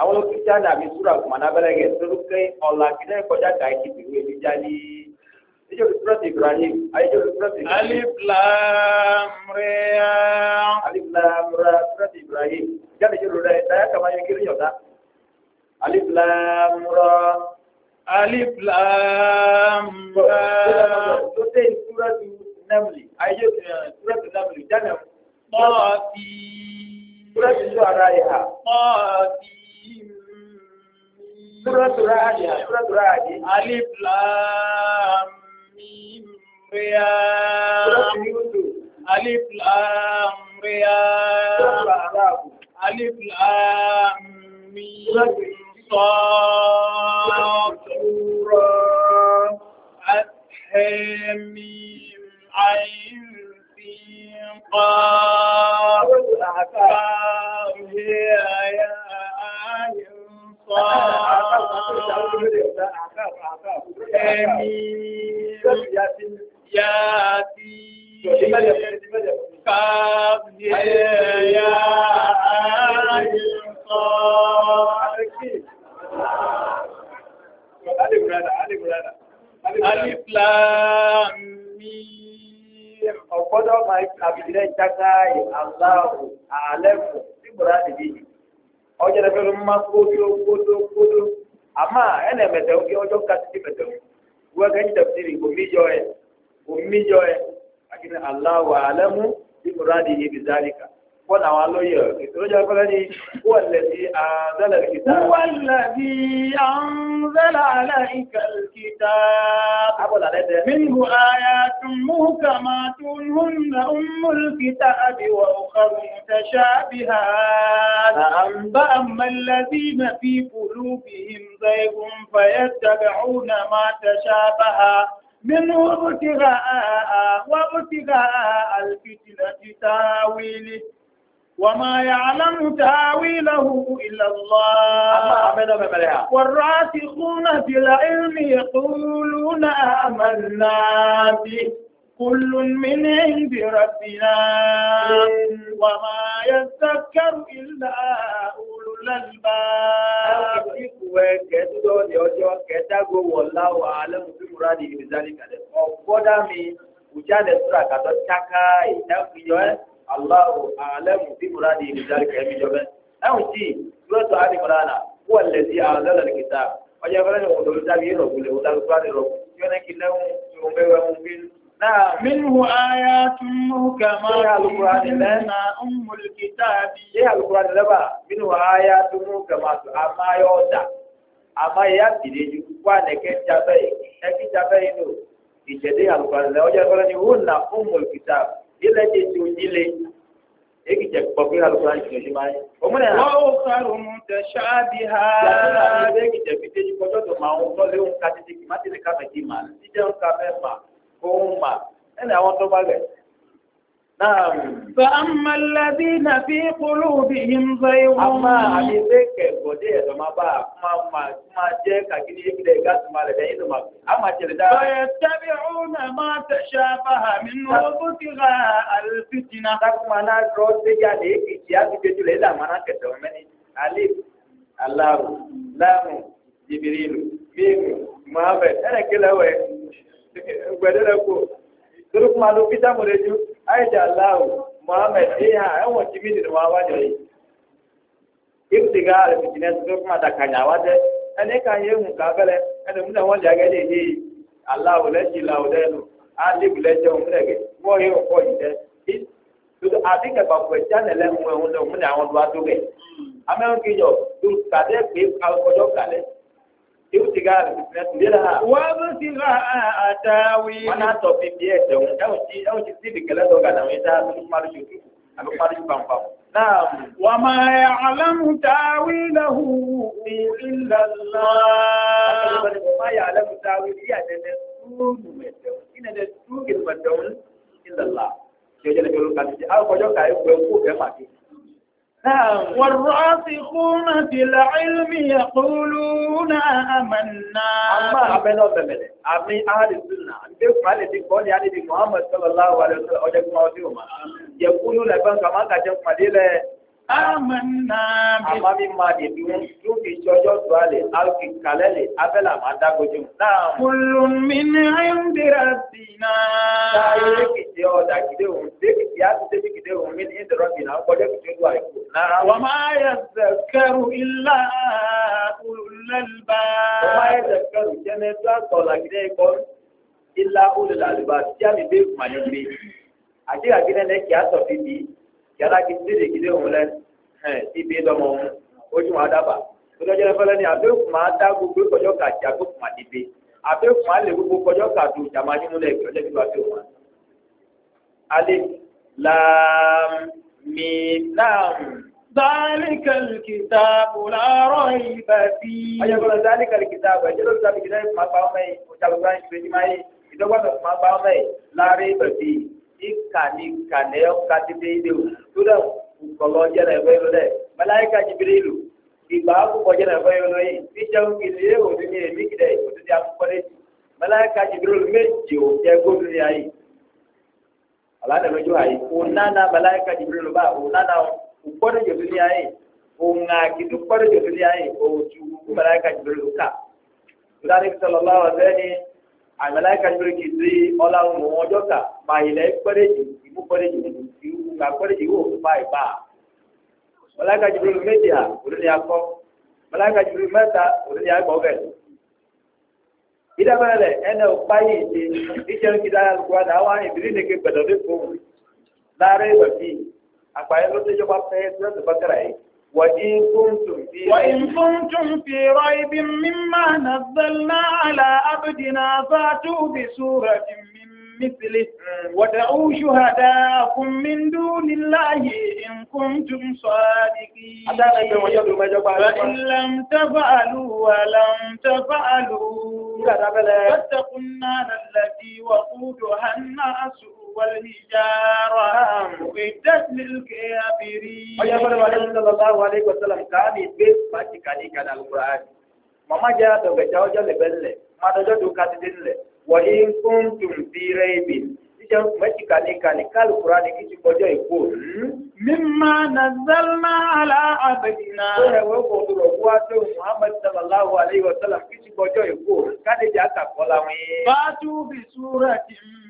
awolo kita na bi sura kuma na bala ge suru kai ola kida ko ja kai ki bi wi jali ijo sura ti ibrahim ijo sura ti alif lam re alif lam ra sura ti ibrahim ja ne jolo re ta kama ye kiri yoda alif lam ra alif lam ra to te sura ti namli ijo sura ti namli ja ne ma ti sura ti ara ya ma ti Súrọ́tù ráàdì, súrọ́tù ráàdì. Alif Lam Mim Ria. Súrọ́tù Yúdù. Alif Lam Ria. Súrọ́tù Àràbù. Alif Lam Mim Sọ́ọ̀. ma kodo kodo kodo ama ene mɛtɛwo ke ɔjɔ ka titi mɛtɛwo wo ke nyi tafsiri omi yɔ yɛ omi yɔ yɛ akini alawo alamu bi muradi yi bi zalika. فنا علويا يترجع هو الذي أنزل عليك الكتاب منه آيات محكمات هن أم الكتاب وأخر متشابهات فأما الذين في قلوبهم زيغ فيتبعون ما تشابه منه ابتغاء وابتغاء الفتنة تاويله وما يعلم تاويله إلا الله والراسخون في العلم يقولون آمنا به كل من عند ربنا وما يذكر إلا أولو الألباب وكتبوا لأجوا كتبوا والله أعلم بمراده بذلك Allahu a'lamu bi muradi bi zalika yami jobe awu ti suratu ali imran huwa alladhi anzala alkitab waja fara ko do ta bi ro gule o ta ko ro yone ki lawu to be wa mun bin na minhu ayatun muhkamatun alquran lana ummul kitab ya alquran laba minhu ayatun muhkamatun amma yota amma ya tideju kwa ne ke jabe e ki jabe ilẹ̀ ti tu ilé eki jẹ kpɔ kí alu kura ju ɛdi ma yi. òmùnà yà. wọ́n ò sọ̀rọ̀ mu tẹ ṣáàbì ha. yàtọ̀ àti eki jẹ fi tẹ́jú kọjọ́ tó máa ń tọ́lé ń ka títí kìmátìrì káfẹ́ kì í ma títí ń ka fẹ́ ma kó ń ma ẹnì àwọn tó bá gẹ̀. نعم فأما الذين في قلوبهم زيغ أما عليك بودي ما با ما ما ما جاك كني يبدا غاس ما لدي ما أما تلدا فيتبعون ما تشابه منه ابتغاء الفتنة كما نرد يعني يا بيجي ليلا ما نكتب مني ألف الله لام جبريل ميم محمد أنا كلاوي gbẹdẹrẹ ko torí kuma ló kí dámọ̀lẹ́jú aisha dị muhammad iya eh, yan wacce mini da wawa da yi ibtiga da fitinan su kuma da kanyawa ene ka yi mu kabele ene mu da wanda ga ne ni allahu lashi laudenu ali bulete mu da ga mo yi ko yi da tutu ati kẹfà fún ẹja nílẹ ń wẹ ń lọ mú ni àwọn tó bá tó kẹ amẹ́wọ́n kejì ọ̀ tó Ìjọba bilha wabtigaa tawi wana topi biete unti e unti e sibi kala doga na wita kumari shutu amekumari pam pam naam ya dede sunu mete ina de tugil madon illa kan ti aw ko jo kai ko ko والراسخون في العلم يقولون آمنا أما أمنا بمنا أمي أهل السنة أنت فعلي تقول يعني محمد صلى الله عليه وسلم يقولون لبنك ما كجم فليلة amanna bi. àmọ́ mi máa dè bí wọ́n yóò fi jọjọ́ tó a lè alùpùpù kalẹ̀ lè abẹ́là máa dágójú. kùlù mi ní ẹ̀ńdẹ̀rẹ̀ bìnnà. táyé lẹ́kìtì ọ̀dà kìdé òun lẹ́kìtì àtúntẹ́ kìdé òun mi ní ẹ̀ńdẹ̀rẹ̀ bìnnà ọgbọ́dọ̀ kìdé òun àìkú. wà á máa yẹ zẹkẹrù ilá olùlẹ́lbà. wà á yẹ zẹkẹrù jẹ́nẹ́ tó yàrá gidi lè gidi òun lẹ ibi lọmọ òun ojú wọn adába tọjọ lẹ fẹlẹ ni àbẹ kùmà dá gbogbo kọjọ kà jà kó kùmà dìbe àbẹ kùmà lè gbogbo kọjọ kà dù jàmá nínú lẹ kọjọ bí wàá fi wọn. alif lam mim lam. ذلك الكتاب لا ريب فيه. أيوة ذلك الكتاب أجل ذلك الكتاب ما بعمر وجاب بعمر يجمعه إذا وقت ما بعمر لا ريب فيه ikani kaneo katite idu tuda ukoloje na ebeyo le malaika jibrilu ibabu koje na ebeyo no yi bija ukile odini emikide odini akukole malaika jibrilu meji o je godu ni ayi ala na meju ayi unana malaika jibrilu ba unana ukore jodu ni ayi unga kidu kore jodu ni ayi o oh, ju malaika jibrilu ka Tudarik sallallahu alaihi wa sallam àgbàlá kàtúrìkì sí ọlọ́run mọ̀ wọn jọ́ta mà ilẹ̀ pẹ́rẹ́jì ìmú pẹ́rẹ́jì ìwú ká pẹ́rẹ́jì ìwú òfin bá ìbá. mọ̀láka jùlọ méjì à òní ni a kọ́ mọ̀láka jùlọ mẹ́ta òní ni a gbọ́ bẹ̀. ìdábàlẹ̀ lẹ̀ ẹnẹ òpá yìí ṣe ìṣẹ́nu kí dára lùkú wa dáwọ́ ìbílí nìke gbẹ̀dọ̀ ní fóun láàárẹ̀ ìwẹ̀ bíi àpàyẹ ló وإن كنتم في وإن كنتم في ريب مما نزلنا على عبدنا فاتوا بسورة من مثله ودعوا شهداءكم من دون الله إن كنتم صادقين فإن لم تفعلوا ولم تفعلوا فاتقوا النار التي وقودها الناس والحجارة أعدت للكافرين ويقول النبي صلى الله عليه وسلم كان بيت باتي كان كان القرآن mama jẹ́ àtọ̀gbẹ̀ tí ọjọ́ lè bẹ́lẹ̀ máa tọjọ́ tó ká dídé nílẹ̀ wọ́n yí ń kún ni kí ti kọjọ́ ìkó. mímá nàzálmá àlá àbẹ̀dìnà. ó rẹ̀ wọ́n kò tó rọ̀ wá tó muhammed sallallahu alayhi wa sallam kí ti kọjọ́ ìkó kádéjà kàkọ́ súra ti mú.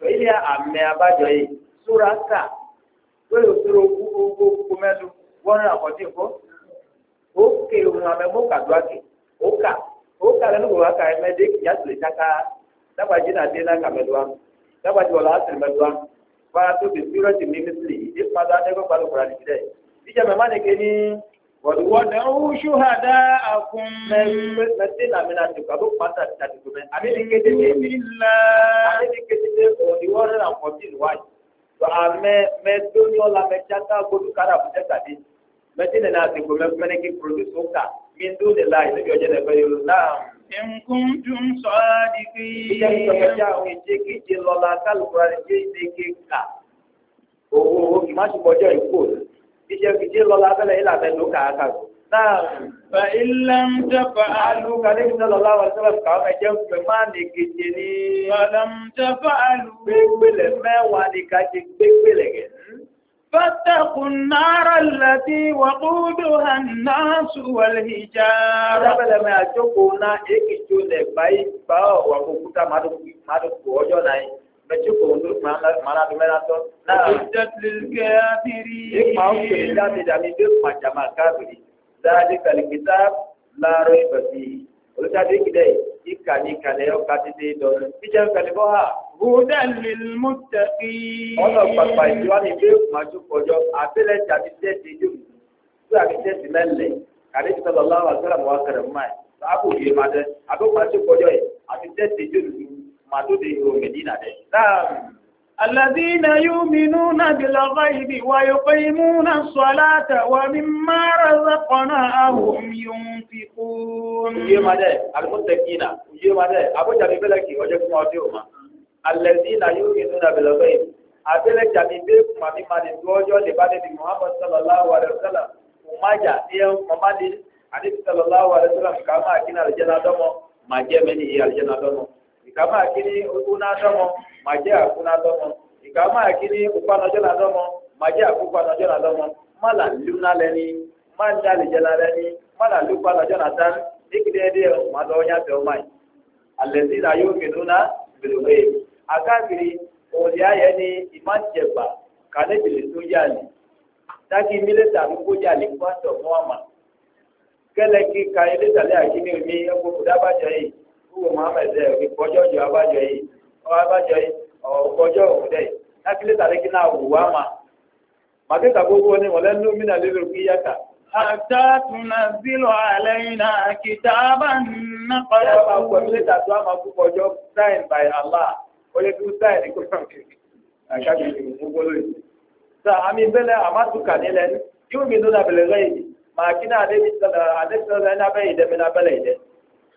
to ile ame abájọ yìí súra kà wọ́n sọ̀rọ̀ gbogbo mẹ́nu wọ́n rìn àkọ́jú nǹkọ́ ó ké ohun amẹ́mọ́ kàdúrà kè ó kà ó kà lẹ́nu kò wá kà ẹ̀mẹ́dé kìí àtúlẹ̀ káká dábàjì náà dé náà kàmẹ́lúwa dábàjì wọ̀lá àtìlẹ́mẹ́lúwa fara tó fi sírọ́ọ̀tì mímísìlì ìdí padà ẹgbẹ́ pàlùkùrà nìyí dẹ́ ìjẹ́ mẹ́mánìkè ní. Wọ̀dọ̀wọ́ ṣúhàdá àkùn. Mẹ́tílà mi láti gbàgbọ́ pàtàkì láti gbọ́ mẹ́. Àbí ní kété ní èmi. Àbí ní kété ní òun ni wọ́n rẹ̀ àkọ́ bí ìwà yìí. Àmẹ́ mẹ́tóníọ́ la mẹ́ tíátá gbódú kára àbújá tàbí. Mẹ́tílà náà ti gbọ́ mẹ́ fún mẹ́nẹ́kì pòròdúsì ó kà. Mi tó lè la ìlú ìjọba ẹ̀fẹ́ yòrò náà. Nǹkan dùn sọ á di pé. Ìjẹ́ ìjọba àwọn ìjẹ́kíje ìjẹ́bìjẹ́ lọ́la abẹ́lẹ̀ ìlànà ìlú kàákàá. Náà fa ilẹ̀ ń tẹ́fà alú kàdé ìjọ lọ́la wà sílẹ̀ kàá mẹ́jẹ́ pẹ̀ máa ní kejì ní. Fàlà ń tẹ́fà alú. Gbégbélẹ̀ mẹ́wàá ni ká ti gbégbélẹ̀ gẹ̀. فاتقوا النار التي وقودها الناس والحجارة. Dábẹ́lẹ̀ mi àjókòó náà èkìtì ó lẹ̀ báyìí bá ọ̀wà òkúta mádùkú mẹtíkò ọdún mọ́nàdúnmẹ́nàtọ́. Ìpà òkè jáde dàmí bí pàjàmà káàbìrì, dáadé kàlìkìtà láàárọ̀ ìbẹ̀sì. Olùjáde kìdẹ̀ ìkà ní ìkàlẹ̀ ọkà títí dọ̀rọ̀. Bíjẹ́ ń kàlẹ̀ bọ́ hà. Bùdá lè mú tẹ̀kí. Ọ̀nà pàpà ìdíwáni bí màjú kọjọ, àbílẹ̀ tàbí tẹ̀sí jù. Tí àbí tẹ̀sí mẹ́lẹ̀, kàdé ti sọ̀rọ̀ láwọn àgbẹ̀rẹ̀ mọ́ àkàrẹ̀ mọ́ ẹ̀. Sábà kò yé ma dẹ́, àbí màjú kọjọ yìí, àbí tẹ̀sí jù lù madudi tó Medina de mẹ̀dínà alladhina yu'minuna bil ghaibi wa yuqimuna as-salata wa mimma razaqnahum yunfiqun kọ́nà àwọn yóò fi kú. Oyè máa dẹ̀, àlùmọ́tẹ̀kínà, oyè máa dẹ̀, àbújá mi bẹ́lẹ̀ kì ọjọ́ fún ọdún òun. Àlàdínà yóò mìnú náà bí sallallahu alayhi sallallahu alaihi wasallam sallam kà máa kí ní àlùjẹ́ náà ikama akini unatomo majia kunatomo ikama akini upanojo nadomo majia kupanojo nadomo mala luna leni mala lijala leni mala lupanojo natan ikide dio madonya teomai alladhina yu'minuna bil ghaib akafiri olia yani imanjeba kale bilisujali taki milita kujali kwato mwama kele ki kaile tale akini mi ko kudaba jai kúrò muhammed dẹ òkè kọjọ jọ abájọ yìí ọ abájọ yìí ọ kọjọ òun dẹ lákìlẹ tàbí kí náà wò wá ma màkìtà gbogbo ni wọn lẹnu mí náà lérò kí yàtà. àtà tuna zílò alẹ́ iná kìtàbà nà kọjọ. ẹ máa wọ ilé tàbí wọn máa kú kọjọ sign by allah ó yẹ kí ó sign kó sàn kiri àkàkiri gbogbo lóyún. sọ àmì bẹ́lẹ̀ àmàtúkà nílẹ̀ yóò mi dúdà bẹ̀rẹ̀ rẹ̀ yìí màkìtà adébísọ̀rọ̀ adébísọ̀rọ̀ ẹ̀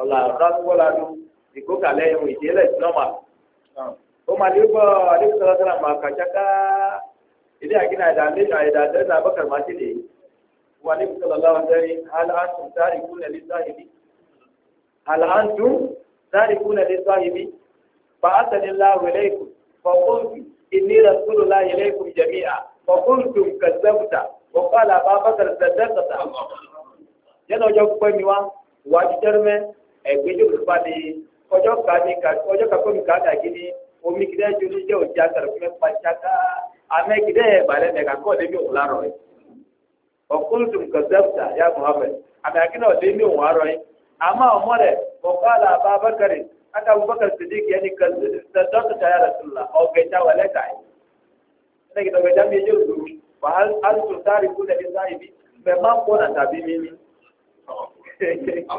ọ̀la ọ̀dọ́sowọ́lá do ìkó kalẹ̀ ìwé ìdílẹ̀ nọ́mà ó ma dé gbọ́ adébísọ̀ lọ́sọ̀rọ̀ àmà kàtsáká ìdí àgínà ẹ̀dá lẹ́yìn ẹ̀dá lẹ́yìn abọ́kàrà má ti lè wọ adébísọ̀ lọ́wọ́ sẹ́yìn aláǹtún sáré kú lẹ́lẹ́ sáyébí aláǹtún sáré kú lẹ́lẹ́ sáyébí fa asẹ̀nilá wẹ̀lẹ́kù fọkúntù ìní rasulùlá yẹlẹ́kù jẹ̀míà fọkúntù kẹsẹ́kùtà wọ́pọ̀ àlàbà abọ́kàrà sẹ́sẹ́kùtà yẹn náà ẹgbẹ́ yóò ló bá ní ọjọ́ kàní ọjọ́ kakọ́mi kàdà gidi omi kìdá ẹjọ́ ní jẹ́ òjì àtàrà fún ẹ̀fọ́ àtàkà amẹ́ kìdá ẹ̀ balẹ̀ mẹ́ka kọ́ ọ̀dẹ́ mi òun lárọ̀ yìí ọ̀kúntùm kọ̀sẹ́pùtà yá muhammed àmì àkínà ọ̀dẹ́ mi òun arọ̀ yìí àmọ́ ọmọ rẹ̀ ọ̀kọ́lá àbá abákàrẹ̀ aka abubakar sidik yẹni dọ́kítà yàrá sùlá ọ̀gẹ̀dá wà lẹ́ka yìí ẹnìkìdá ọ̀gẹ̀dá mi yóò lù wà á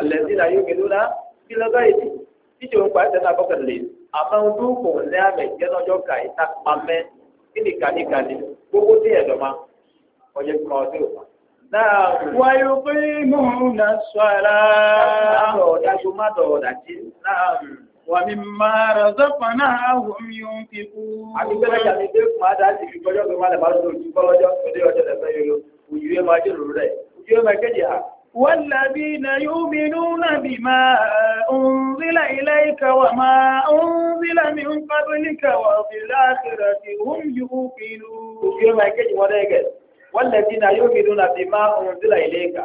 alladina yu'minuna bil ghaibi títí òun pàṣẹ náà bọ́kẹ̀ lè àmọ́ ń dún kò ní àmì jẹ́nàjọ́ ka ìta pamẹ́ kíni kàníkàní gbogbo tí ẹ̀dọ̀ ma ọjọ́ kan ọdún òfa. náà wáyé pé mò ń na sọ ara. àwọn ọ̀dájú má dọ̀ ọ̀dàjì náà. wà mí máa rà zọ́pọ̀ náà wọ́n mi ò ń kíkú. àbíkẹ́lẹ́ jàmí dé kùn á dá sí ibi kọjọ́ pé má lè má lọ́dún òjú kọ́ lọ́jọ́ òde ọjọ́ lẹ́fẹ̀ẹ́ yòlò òyìnbó máa jẹ́ lòlù rẹ̀ òyìnbó máa kéde والذين يؤمنون بما أنزل إليك وما أنزل من قبلك وبالآخرة هم يوقنون والذين يؤمنون بما أنزل إليك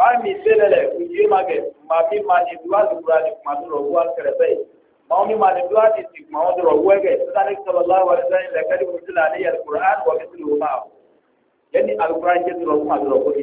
fáàmì ìṣẹlẹlẹ ojú magẹ màá mi máa ní dúró àdúgbò àti màá tó rọ wá kẹrẹfẹ yìí màá mi máa ní dúró àti tì màá tó rọ wọ ẹgẹ sísáré sọlọ láwọ ẹsẹ ilẹ kẹrìkù sílẹ àníyàn kùrán wọlé sílẹ wọn máa yẹni alukura jẹ tó rọ fún àdúrà wọlé.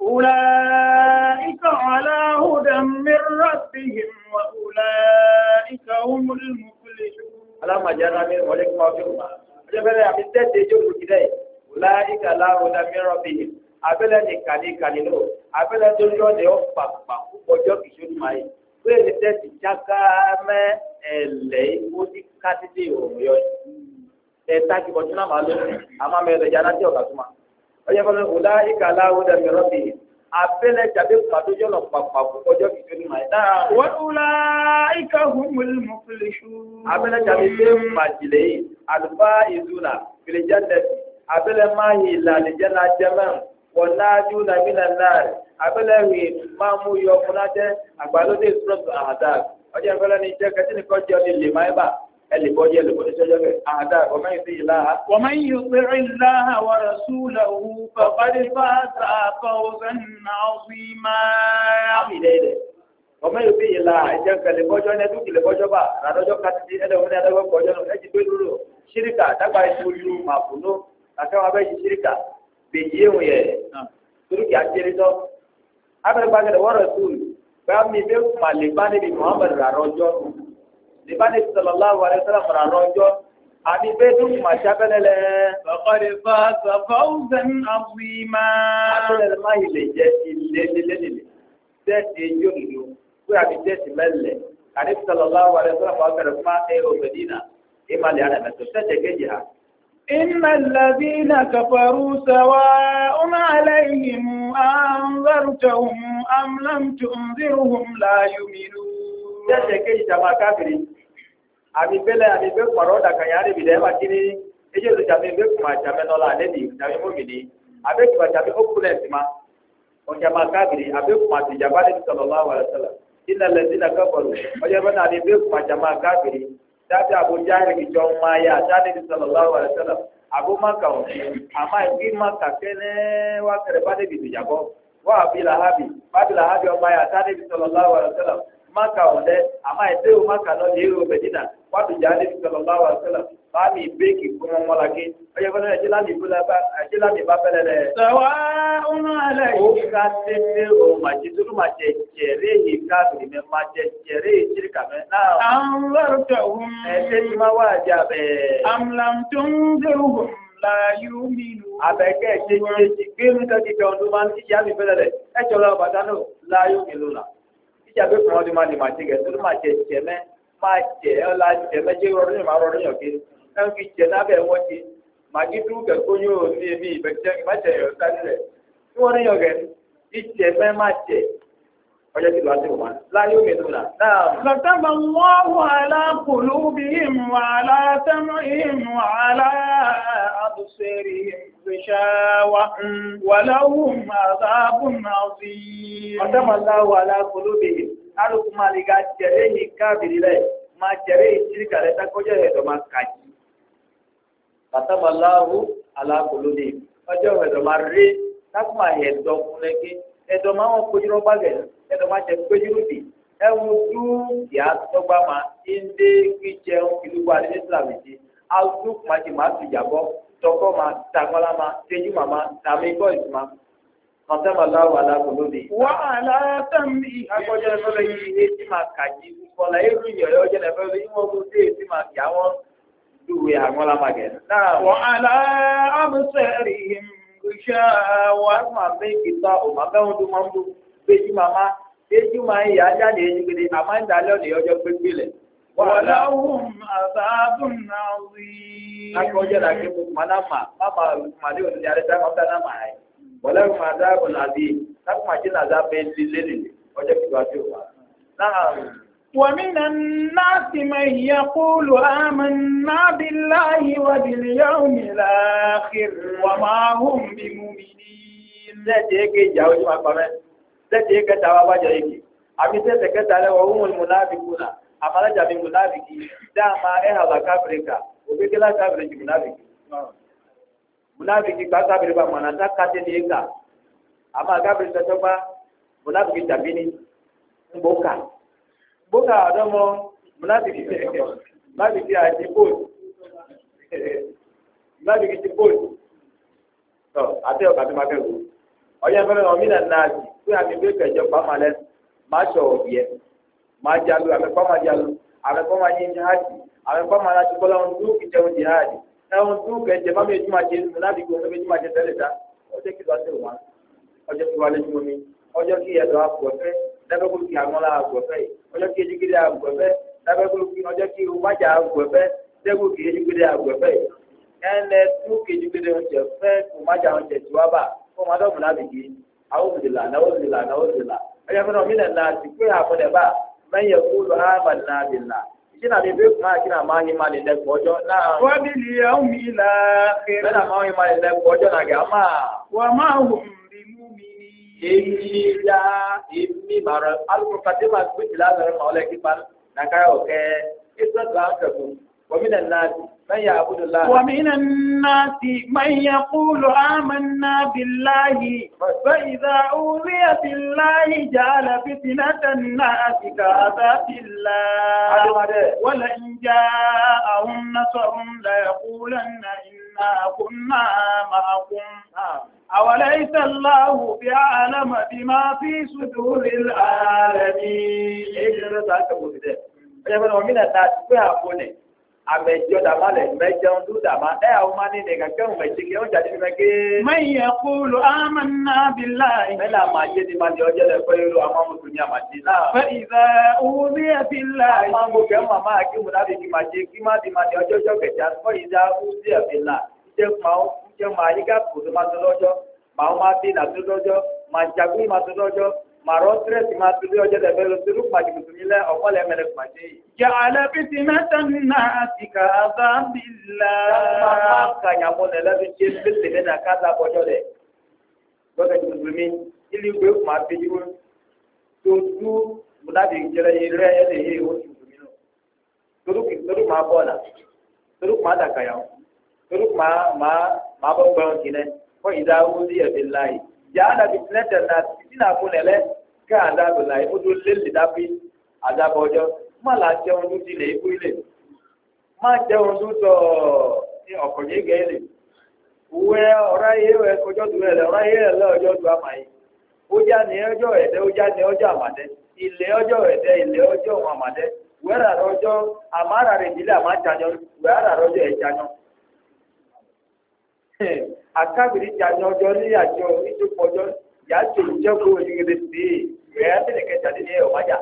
أولئك على هدى من ربهم وأولئك هم المفلحون على أولئك على هدى من ربهم abẹ́lẹ́ nìkan nìkan nínú abẹ́lẹ́ tó yọ ní ọ̀pá pàkó ọjọ́ pé èmi jáká mẹ́ ẹ̀lẹ́ ó yọ ẹ̀ tá kí náà máa àmọ́ mi ọ̀gá tó máa. ọjọ́ fún mi ọ̀la ìkàlà ọ̀dà mìíràn bì í abẹ́lẹ̀ tàbí kàdójọ́ lọ pàpà ọjọ́ kìí tóní màá dáa. wọ́n ọ̀la ìkà humul muflihun. abẹ́lẹ̀ tàbí dé màjìlẹ̀ yìí àlùfá ìdúnà fìlẹ̀jẹ́ lẹ́bi abẹ́lẹ̀ máa yìí làlẹ́jẹ́ náà jẹ́ mẹ́rin wọ́n náà dúnà mí abẹ́lẹ̀ rìn máa mú yọ fúnájẹ́ àgbàlódé sọ́ọ̀tù àhàdà ọjọ́ ìfẹ́lẹ́ ni jẹ́ kẹ́tí nìkan jẹ́ ọ ẹlẹ́kọ́jẹ́ ẹlẹ́kọ́jẹ́ الله bẹ̀ àdá ọmọ yìí sí ìlàhà. wọ́n máa ń yọ pé ìlàhà wà rasúlẹ̀ òun fàfàdé fàáta àkọ́ ọ̀sán náà fi máa. àmì ìdẹ́ẹ̀dẹ̀ ọmọ yìí sí ìlàhà ẹ̀jẹ̀ kẹlẹ́kọ́jọ́ ní ẹdún kẹlẹ́kọ́jọ́ bá àràdọ́jọ́ kátìdí ẹlẹ́wọ̀n ní adágbọ́kọ́jọ́ ẹjì pé lúlò ṣíríkà dágbà ìṣojú màfúnú àtẹwà bẹ́ẹ̀ ṣe ṣíríkà bèjì èwùn yẹ ah. turuki àjẹrí tọ́ abẹ́rẹ́ gbàgede wọ́rọ̀ sùn bá mi bẹ́ẹ̀ kùmà lè bá níbi muhammed rà rọ́jọ́ libani sallallahu alayhi wa sallam fara rọjọ àti bẹ́ẹ̀ tó kùmà sábẹ́lẹ̀ lẹ. ọ̀kọ́dé fa sọ̀fọ́ ọ̀sán àwìmá. àtúntẹ̀ má yìí lè jẹ́ ilé nílé nílé tẹ́sí ejò nìyó pé àbí tẹ́sí mẹ́lẹ̀ àti sallallahu alayhi wa sallam fara إن الذين كفروا سواء عليهم أنذرتهم أم لم تنذرهم لا يؤمنون. تẹ́sẹ̀ kejì tàbá káfírin ami bele ami be kparo da kanya ni bide ma kini eje lo jame be kuma jame no la ne ni jame mo mini abe kuma jame opulent ma o jama kabiri abe kuma ti jaba ni sallallahu alaihi wasallam illa allazina kafaru o jama na ni be kuma jama kabiri da ta abu jahil ki jon ma ya ta ni sallallahu alaihi wasallam abu maka o ama ki maka kene wa kere ba ni bi jabo wa bila habi bila habi o ma ya wato jani sallallahu alaihi wasallam ba mi beki kuma malaki ayo bana jila mi bula ba jila mi ba bele de sawa'un alayhi o ka tete o ma jiduru ma je jere yi ka bi me ma je jere yi shirka me na an wartahum e te ma wa ja be am lam tunzirhum la yuminu abeke je je gbemi ka ki ka ondu man ti ja mi bele de e chola batano la yuminu na ti ja be pro di ma ni ma ti ge tulu ma je je me máa jẹ ẹ la jẹ mẹjẹ rọrùn yẹn máa rọrùn yẹn ké ẹ ń fi jẹ lábẹ wọn ti màgí dúró kẹkọ yóò ní èmi ìbẹjẹ má jẹ yọ sáré rẹ tí wọn níyàn kẹ ìjẹ mẹ má jẹ ọjọ tí lọọ ti wọn láyé omi tó nà. kàtàbà wọ́n wà lákòló bí ìmọ̀ tẹ́mọ̀ ìmọ̀ àlá àbùsẹ̀rì ìgbésàwà wàláwùm àbábùn àbí. ọ̀tẹ́mọ̀ láwọ̀ àlá kòló bí ìmọ̀. alu kuma li ka jɛre yi kabiri ma jɛre yi siri ka lɛ takɔjɛ yɛ dɔ ma ka ji patabalahu ala kolo de ɔjɔ yɛ dɔ ma re takuma yɛ dɔ kunɛ ke ɛdɔ ma ma jɛ kojuro di ɛmu du ya tɔgba ma inde kitsɛ islam ti tu ma ma ma ma kọtẹ́bà láwọ̀ alákòlóde. wà á látàmì akọ́jọ́ ẹ̀fọ́ lè yí etí máa kà jí kọlá irú ìyọ̀yọ́ jẹ́ ẹ̀fọ́ lè máa kì àwọn lùwẹ̀ àwọn lámàgẹ̀. wà á lá àmúṣẹ́rì iṣẹ́ wa máa bẹ́ kìtà òmà bẹ́hùn tó máa máa ń gidi náà wọlé ma dá ọ̀nà àbí lápò àti nàdá bẹ́ẹ̀ ti lé nìyí ọjọ́ kìlọ̀ àti òwà. ومن الناس من يقول آمنا بالله وباليوم الآخر وما هم بمؤمنين لديك جاو جمع قمت لديك جواب جايك أبي سيدك تعالى وهم المنافقون أما لجا من منافقين دعما إهلا كافرك وبكلا كافرك منافقين munafiki ka kabiri ba mana ta kate ne ka amma kabiri ta ba munafiki tabini mboka mboka domo munafiki munafiki a jibot munafiki jibot to ate o kabi ma fe wo oya fere o mi na na ji pe ami be ke jo pa ma ma so ye ma jalu ame pa ma jalu ame pa ma yin haji ame pa ma la ti du ki je jihadi ẹ̀hún tó kẹ̀jẹ̀ má bẹ́ẹ̀ jùmọ̀ ṣe láti gbọ́ ọ̀sẹ̀ jùmọ̀ ṣe tẹ́lẹ̀ ta ọjọ́ kí wàá tẹ̀wọ̀n ọjọ́ kí wàá lé jùmọ̀ mi ọjọ́ kí ẹ̀dọ̀ àgbọ̀fẹ́ dábẹ́kú kí ọjọ́ kí dábẹ́kú kí ọjọ́ kí wájà dẹ́kú kí tó kí oúnjẹ fẹ́ oúnjẹ tí kina de be kuma kina maa yi ma le lɛ kɔjɔ na. wabili aw mi la. bɛna maa yi ma le lɛ kɔjɔ na gɛ ama. wa ma hum bi mu mi ni. emi ya emi ma rɛ aluko kati ma gbɛdila rɛ ma ɔlɛ kipa na yɔ kɛ etu ɛtu an kɛ kun wɔmi na naani. من يعبد الله ومن الناس من يقول آمنا بالله فإذا أوذي بالله جعل فتنة الناس كعذاب الله ولئن جاءهم نصر ليقولن إنا كنا معكم أوليس الله بعلم بما في صدور العالمين. ومن الناس amedzɔ dama le medzɔn du dama eya wo ma ne ne gake wo me tsike wo dzadzi me ke. mayi ekulu amana bilayi. mena ma ye ni ma ni ɔdze le ƒe yoro ama musu ni ama ti na. fɛ iza wubi ebilayi. ama ŋgo kɛ mama aki mu nabi ki ma tsi ki ma di ma ni ɔdze tsɔ kɛtɛ fɛ iza wubi ebila. tse kumawo tse ma yi ka kutu ma to lɔjɔ ma wo ma bi na to lɔjɔ ma dzaku ma to lɔjɔ màrọ tírẹsì máa tóbi ọjọ́ tẹfẹ lọ sí rúkùmá jù mùsùlùmí lẹ ọkọ lẹ mẹlẹ kùmá jẹ yìí. yà á lẹ fi ti mẹta nínà àti kà á bá mi la. máa ka yàgò lẹ lẹbi jẹ pèsè lẹnà ká lábọjọ lẹ lọkẹ jù mùsùlùmí ilé ìwé kùmá péjú tó tú múnádìí jẹrẹ yìí rẹ ẹ lè yé ìwé mùsùlùmí lọ. torúkì torúkì máa bọ̀ ọ̀la torúkì máa dàkà yàwó máa fi ti mẹta nínà àti ká àdàbò náà ó tó lélẹ̀ dábí àdàbò ọjọ́ má là jẹun tó ti lè kú ilé má jẹun tó tọ̀ ní ọ̀kọ̀ yé gẹ́ lè wẹ́ ọ̀rá yé wẹ́ kọjọ́ tó rẹ̀ lẹ̀ ọ̀rá yé rẹ̀ lẹ́ ọjọ́ tó àmà yìí ó já ní ọjọ́ ẹ̀dẹ́ ó já ní ọjọ́ àmàdẹ ilé ọjọ́ ẹ̀dẹ́ ilé ọjọ́ àmàdẹ wẹ́rà rọjọ́ àmàrà rẹ̀ ìdílé àmàjàyọ wẹ́rà rọjọ́ ẹ̀jàyọ akábìrì jàyọ ọjọ́ níyàjọ níjókòó ọjọ́ ya ce wuce ko wani gida su yi ya ya fi da kai tare ne ya maja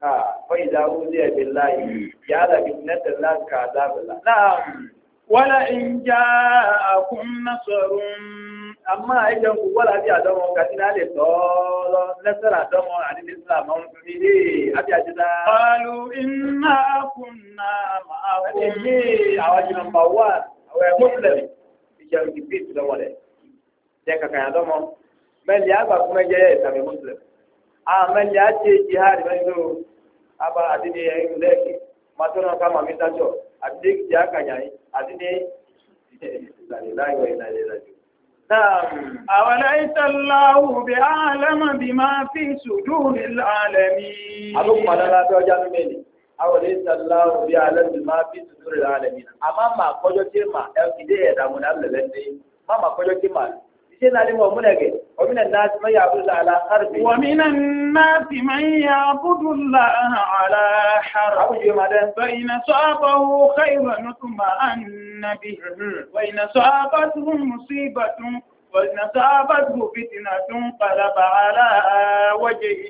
ka fai za ku zai bin layi ya zabi na da za ka zabi la na'am wala in ja'akum nasrun amma idan ku wala bi adamu ka tina le islam on fi ni abi ajida qalu inna kunna ma'akum ni awajin number 1 awe muslim bi jawi bi wala tẹ kaka yàn dọmọ mẹlẹ agbàkú mẹjẹ yẹ ìsàmì muslim a mẹlẹ àti jihad mẹjọ aba àdìdì ẹyìn lẹẹkì matọnà ká mami dájọ àdìdì jẹ akanya yìí àdìdì ìlànà ìwà ìlànà ìlànà. أوليس الله بعالم بما في صدور العالمين أبو مالانا توجه مني أوليس الله بعالم بما في صدور العالمين أما ما قجو تيما أو كده يدامنا للذين ما ما قجو تيما ومن الناس من يعبد الله على حرب ومن الناس من يعبد الله على فإن صابه خير أن به وإن صابته مصيبة وإن صابته فتنة قلب على وجهه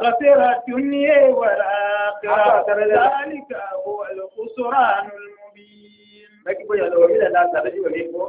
خسر الدنيا والآخرة ذلك هو الخسران المبين.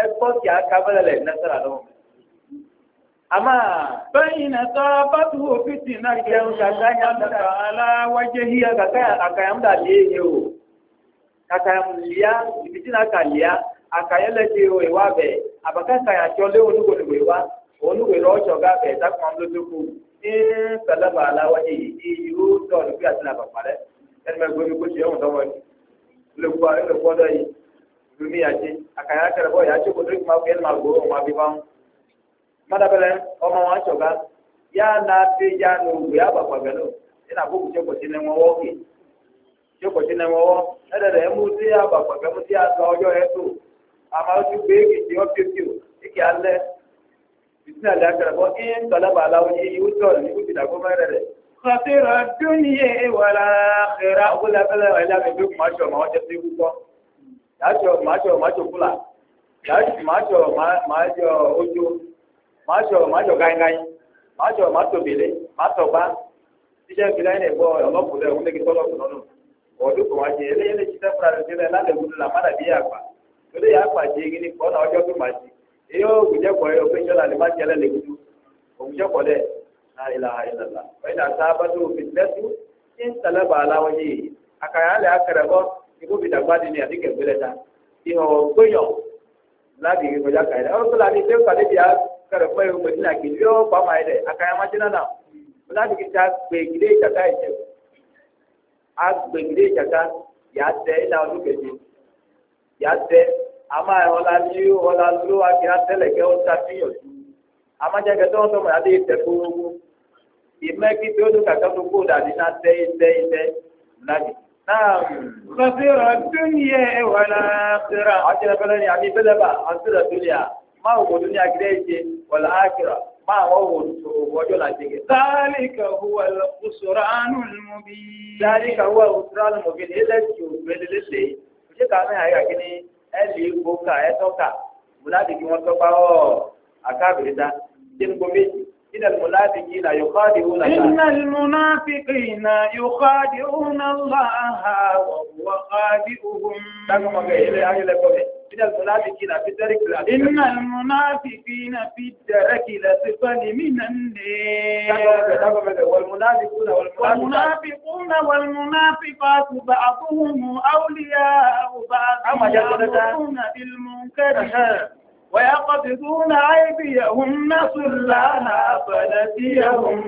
ẹgbọ́ kí a ká bẹ́lẹ̀ lẹ̀ nẹ́sẹ̀rà lọ́wọ́. Àmà bẹ́yìn náà sọ ya òfìsì náà jẹun kàkáyà mẹ́ta aláwájẹ́ híyà ya mẹ́ta lé e o. Kàkáyà mùlíà ìbítí náà kàlíà ya lẹ́sẹ̀ o ìwà bẹ̀ àbàkà kàyà tsọ lé onúgbòlùgbò ìwà onúgbòlù ọ̀tsọ̀ gà bẹ̀ dákùn ní aláwájẹ́ yìí tọ̀ mẹ́gbẹ́ mi dunia ji akaya karbo ya ci kudu ma ko ma go ma bi ban madabele o ma wa choga ya na ti ya no ya ba kwa galo ina ko ce ko tinen wo ki ce ko tinen wo ada da mu ti ya ba kwa mu ti ya so yo eto ama o ti be ki ti o ti ti o ki alle bisna la karbo in talaba la wani yutol ni ku ti da ko ma rere خسر الدنيا والآخرة ولا بلا ولا بدون ما شاء الله وجدت yàtsɔ màtsɔ màtsɔ kula màtsɔ màtsɔ odzo màtsɔ màtsɔ gangan màtsɔ màtsɔ bele màtsɔ ba tíṣẹ́ bele ayé bɔ ɔlɔpù lɛ ɔmú nege tɔlɔpù nɔnù ɔdún kò wájú yẹlẹ yẹlẹ tíṣẹ́ fúra lè tẹlẹ lálẹ́ wúlò la mádà bí yàgbà tóde yàgbà dé yìí ni kọ́ ọjọ́ tó màtí ìbúbi dàgbà di ni àti kẹ̀kẹ́ lẹ́ta ìhàn gbẹ̀yàn láti ìgbẹ́jà kàyé dẹ ọ̀rọ̀ fúlàní tẹ́ kàdé bíi akẹrẹ fún ẹ̀rọ mẹ́tí náà kìlí yọ pàmò ayé dẹ akaya má kìí ta gbẹ̀gìdé ìjàká ìjàká yà tẹ ọdún kẹjẹ yà tẹ àmà ní ló akẹ́yà tẹ́lẹ̀ kẹ́ fíyànjú Sọ́fíra dúnyẹ wà láàkìrà. Àjẹ́rẹ́ fẹ́lẹ́ ni àmì bẹ́lẹ́bà, àṣírà dúnyà, máa wò ní àgídẹ́ ìṣe wà láàkìrà, máa wọ́n wò ní ọjọ́ làjẹ́gẹ́. Sáàlìkà huwa lọ́kùsọ̀rọ̀ ánú mọ̀bí. Sáàlìkà huwa lọ́kùsọ̀rọ̀ ánú mọ̀bí ní ilẹ̀ tí ó gbé lélẹ́sẹ̀. Ṣé ká ní àyà kí ni ẹ lè gbóka ẹ tọ́ka? Bùnádìí kí wọ́n tọ́pa ọ̀ إن المنافقين يخادعون الله إن المنافقين يخادعون الله وهو خادعهم إن المنافقين في الدرك الأسفل إن المنافقين في الدرك الأسفل من النار والمنافقون والمنافقات بعضهم أولياء بعضهم يأمرون بالمنكر ويقبضون عيبهم صلاها فنسيهم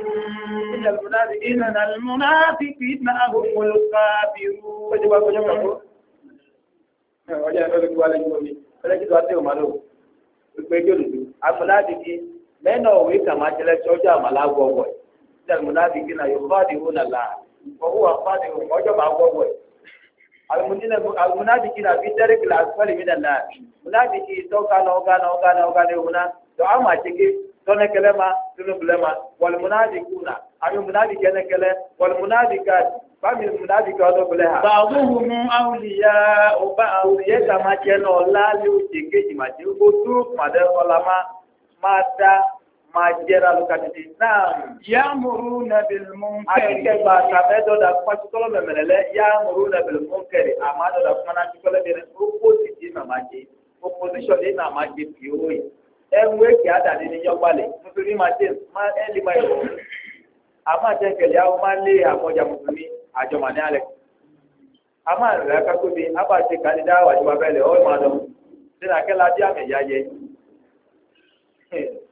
إن المنافقين إن المنافقين هم الكافرون amúnáfíkì mẹ́nà òwe kàmá jẹlẹ tí ọjọ́ àmàlà gbọ́wọ́ ẹ̀ ṣẹlẹ̀ múnáfíkì náà yóò fàdí ẹ̀ almunafiqina fi darki al-asfali min an-nar munafiki to kana kana kana kana huna to ama chiki to ne kelema tunu blema wal munafiquna ami munafiki ne kele wal munafiqat bami munafika to bleha ba'dhum awliya uba awliya kama cheno la lu chiki ma chiku tu madar olama mata máa jẹ́ra lókàtìtì náà. yáàmùrú nàbìlì mú kẹrì. akẹ́kẹ̀gbà tàbí dọ̀dà kpọ́tù kọ́lọ́ mẹ̀mẹ̀lẹ̀ lẹ yáàmùrú nàbìlì mú kẹrì àmà dọ̀dà kpọ́nà tí kọ́lọ́ bẹ̀rẹ̀ opposite yìí nàmà jẹ́ opposition yìí nàmà jẹ́ pio yìí. ẹ̀wọ̀n èkì àdàdé ni yọ̀gbálẹ̀ nítorí máa jẹ́ máa ẹ̀lì máa yọ̀ wọ́n. àmà jẹ́ kẹlẹ́ àwọn máa lé àmọ́jà mùsùlùmí àjọmọ̀ní alẹ́. àmà rẹ̀ akákóbi abàṣe kàdídá àwàjọ abẹ́lẹ̀ ọ̀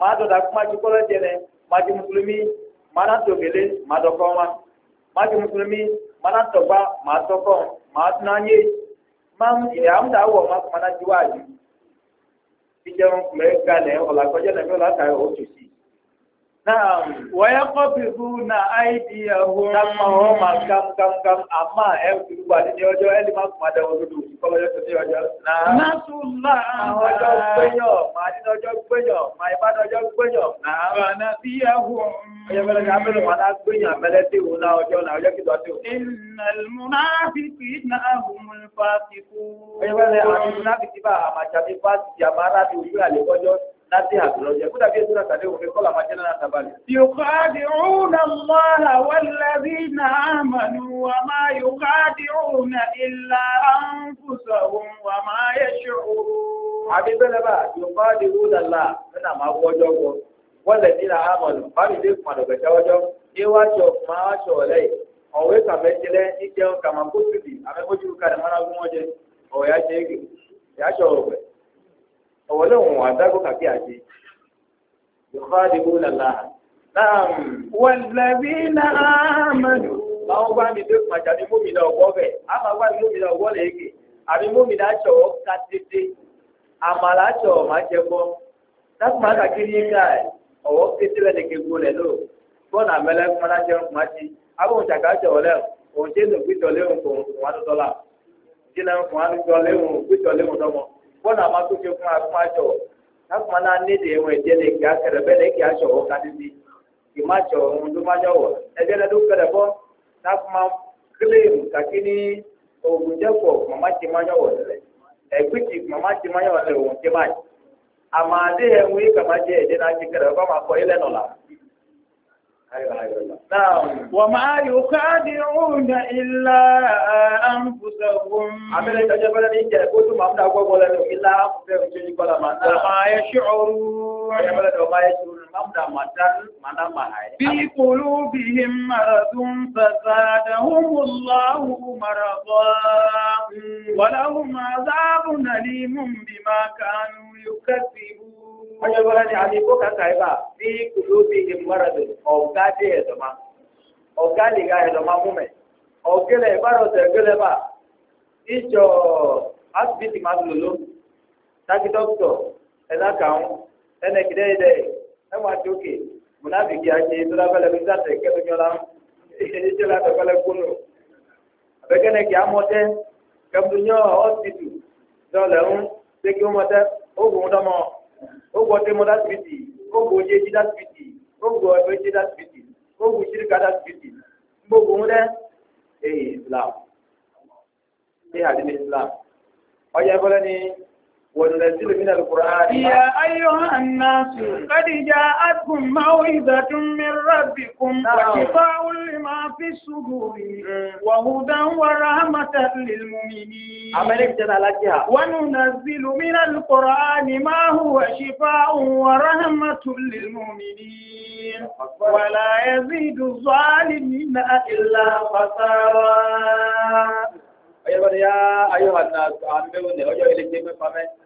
ma dọ̀dà kó máa ju ma jẹlẹ máa ma mùsùlùmí máa náà tòkèlé ma dọ̀kọ́ wọn ma na mùsùlùmí ma náà ma máa tọkọ̀ máa tún náà yé máa ń ilẹ̀ àmúta wọ̀ máa kó máa náà ju Náà wọ́yẹ́ kọ́pì fún na àìdí ẹ̀hún. Tápá wọn máa gam gam gam àmà ẹ̀ ń fi wà ní ọjọ́ ẹ̀ lè má kùn máa dẹ̀wọ̀ lódò kọ́lọ́jọ́ tó ní ọjọ́. Násùlá àwọn ọjọ́ gbẹ́yọ̀ máa nínú ọjọ́ gbẹ́yọ̀ máa ìbádọ́ ọjọ́ gbẹ́yọ̀. Nàárọ̀ bí ẹ̀hún. Ọjọ́ fẹ́lẹ́ ní abẹ́rẹ́ máa ná gbẹ́yọ̀ abẹ́lẹ́ tí òun náà ọjọ́ náà nasi hatuloja kuda pia sura kadeo umekola majana na tabali yukhadi'una Allah walladhina amanu wama yukhadi'una illa anfusahum wama yash'urun na owe ka mejele ije kama kutubi amekoju kana mara gumoje ọ̀wọ́lẹ́ òun àdágò kàbí àti ìkọ́dìbò làlá. Wàlẹ́bí náà mẹ́nu. Báwọn bá mi dé kùmàjà ní mómìnà ọ̀gbọ́ bẹ̀, a máa bá mi mómìnà ọ̀gbọ́ lè gè, àbí mómìnà àtsọ̀ ká tètè, àmàlà àtsọ̀ máa jẹ bọ́. Tákùmá kàkiri ká ẹ̀, ọ̀wọ́ tètè lẹ́ nìke gbó lẹ̀ lò. Bọ́ọ̀nù àmẹ́lẹ́ kùmàlà jẹun kùmàtì, àbọ̀ òǹtàkà àtsọ̀ lẹ̀, òǹtẹ̀ nù gbìtọ̀ léwu kò fún wa tó bọ́nà máa tó ṣe fún akpọ́n àjọ kápọ́n náà nídìí ìwọ̀n ìjẹ́ lè kí akẹrẹ bẹ́ẹ̀ lè kí aṣọ wọ́n ká dídí kì má jọ ohun tó má jọ wọ̀ ẹgbẹ́ náà tó kẹrẹ bọ́ kápọ́n kílèmù kàkí ní oògùn jẹ́pọ̀ màmá ti má jọ wọ̀ lẹ̀ ẹ̀gbìtì màmá ti má jọ wọ̀ lẹ̀ òun ti má yìí àmàdé ẹ̀wọ̀n yìí kàmá ti kẹrẹ bọ́ máa kọ ilẹ̀ nọ̀ أيوة، أيوة، أيوة. وما يخادعون إلا أنفسهم وما يشعرون في قلوبهم مرض فزادهم الله مرضا أمم. ولهم عذاب أليم بما كانوا يكذبون ọjọ́ gbọ́dọ̀ ni àti kó kàkà yìí bá bí kùlù bí ìmọ̀ràn ọ̀gá dé ẹ̀dọ̀ ma ọ̀gá lè ga ẹ̀dọ̀ ma mú mẹ́ ọ̀gẹ́lẹ̀ ìbárọ̀tẹ̀ ọ̀gẹ́lẹ̀ bá ìjọ asibiti ma lò ló taki dọ́kítọ̀ ẹ̀dá kàún ẹnẹ kìdẹ́ ẹ̀dẹ́ ẹ̀ wá ti òkè múnábìkì àti ìtọ́lábẹ́lẹ́ bí sàtẹ̀ kẹ́tọ́jọ́lá ìṣẹ̀lẹ̀ àtọ̀kọ́lẹ́ kúnnù àbẹ́kẹ́nẹ́ kì á mọ́tẹ́ kẹ́mdúnyọ́ ọ́sibítù dọ́ọ̀lẹ́ ń ṣé kí ó mọ́tẹ́ ó gùn ún dọ́mọ́ ogo demo that pity ogo yeji that pity ogo ebeji that pity ogo shirika that pity gbogbo ń rẹ ee islam ee àdínní islam ọyẹ fọlẹ ni. وننزل من القرآن يا أيها الناس قد جاءتكم موعظة من ربكم نعم. وشفاء لما في الصدور وهدى ورحمة للمؤمنين وننزل من القرآن ما هو شفاء ورحمة للمؤمنين ولا يزيد الظالمين إلا خسارا أيها الناس أنبئوني أجل إليكم فمن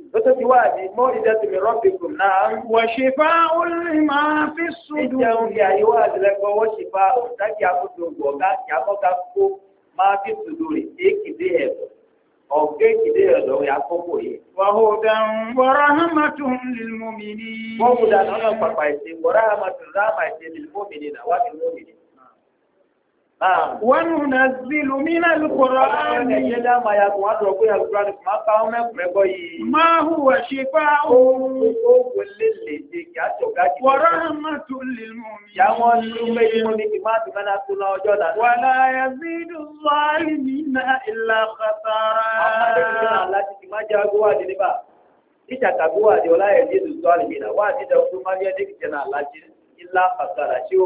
lọ́tọ́ ti wá àdí mọ́ ìdẹ́tìmí rọ́bìkùn náà. wọ̀ṣìfà olè máa fi sùdù. ìjẹun ní ayé wà lẹ́gbọ́ wọ́ṣìfà òǹtàkì àkójọ gbọ̀ngá kí abọ́ká kó máa fi sùdù rè é kìdé ẹ̀dọ̀ ọ̀gá ìkìdé ẹ̀dọ̀ rẹ̀ àkókò yìí. wàhùdà ń wọ́rọ̀ hàmàtún lílmọ́mìnì. wọ́n mú náà pàpà ìsìn wọ́rọ̀ hàmàtún lílmọ́mìnì وَنُنَزِّلُ مِنَ الْقُرْآنِ مَا هُوَ شِفَاءٌ وَرَحْمَةٌ لِلْمُؤْمِنِينَ وَلَا يَزِيدُ الظَّالِمِينَ إِلَّا خَسَارًا Ìjàkàgbó àdìọ́lá ẹ̀dí ìdùsọ́ àlìmìnà wà ní ìdàkùn Mariẹ́ Dìkìtẹ̀ náà lájí ńlá pàtàkì ṣíò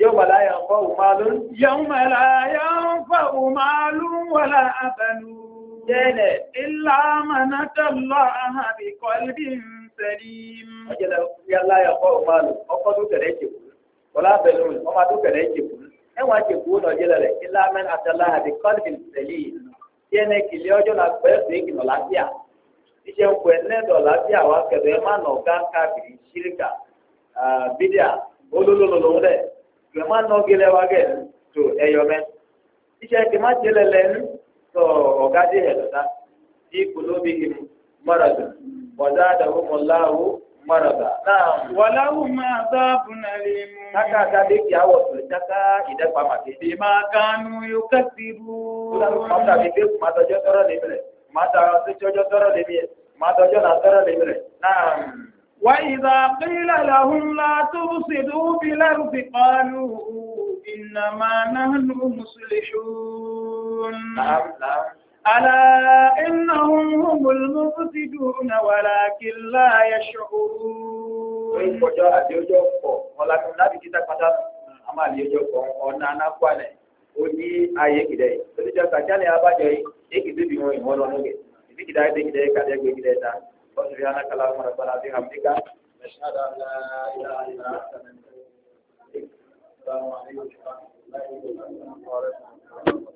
يوم لا ينفع مال يوم لا ينفع مال ولا بنون إلا من أتى الله بقلب سليم يلا ينفع مال أقول كذلك ولا بنون وما دون كذلك ẹwà ti kú jẹlẹ rẹ ilá àtàlà àti kọlbìn tí ẹnẹ kìlẹ ọjọ pẹ láfíà iṣẹ nẹdọ láfíà má nà ọgá kábìrì bídíà olólùlọlọ rẹ gbẹmọ anọgẹlẹ wa gẹ tó ẹyọ mẹ iṣẹ kìmátì lẹlẹ ń tọ ọgá dé ẹ lọta tí kòlóbi kì mọrọdù wọdà àdàwọ mọláwó mọrọdà náà. wọláwó máa sáàbù náà lè mú. káká kábé kí awọ sọrọ káká ìdẹ́pà màkè. bí máa kánú yóò kẹ́sì bú. kúlọ̀ mọ́tà mi dé kùmátọ́jọ́ tọ́rọ̀ lé mi rẹ̀ kùmátà ọ̀sẹ̀ tí ọjọ́ tọ́rọ̀ lé mi rẹ̀ kùmátọ́jọ́ náà tọ́rọ̀ lé mi rẹ̀ náà. وإذا قيل لهم لا تفسدوا في الأرض قالوا إنما نحن مصلحون نعم نعم ألا إنهم هم المفسدون ولكن لا ayé kìdẹ̀ yìí tó jẹ́ sàkíyàn ní abájọ yìí bí wọn lọ́nà gẹ̀ dáa. وسبحانك اللهم ربنا بحمدك نشهد ان لا اله الا انت نستغفرك السلام عليكم ورحمه الله وبركاته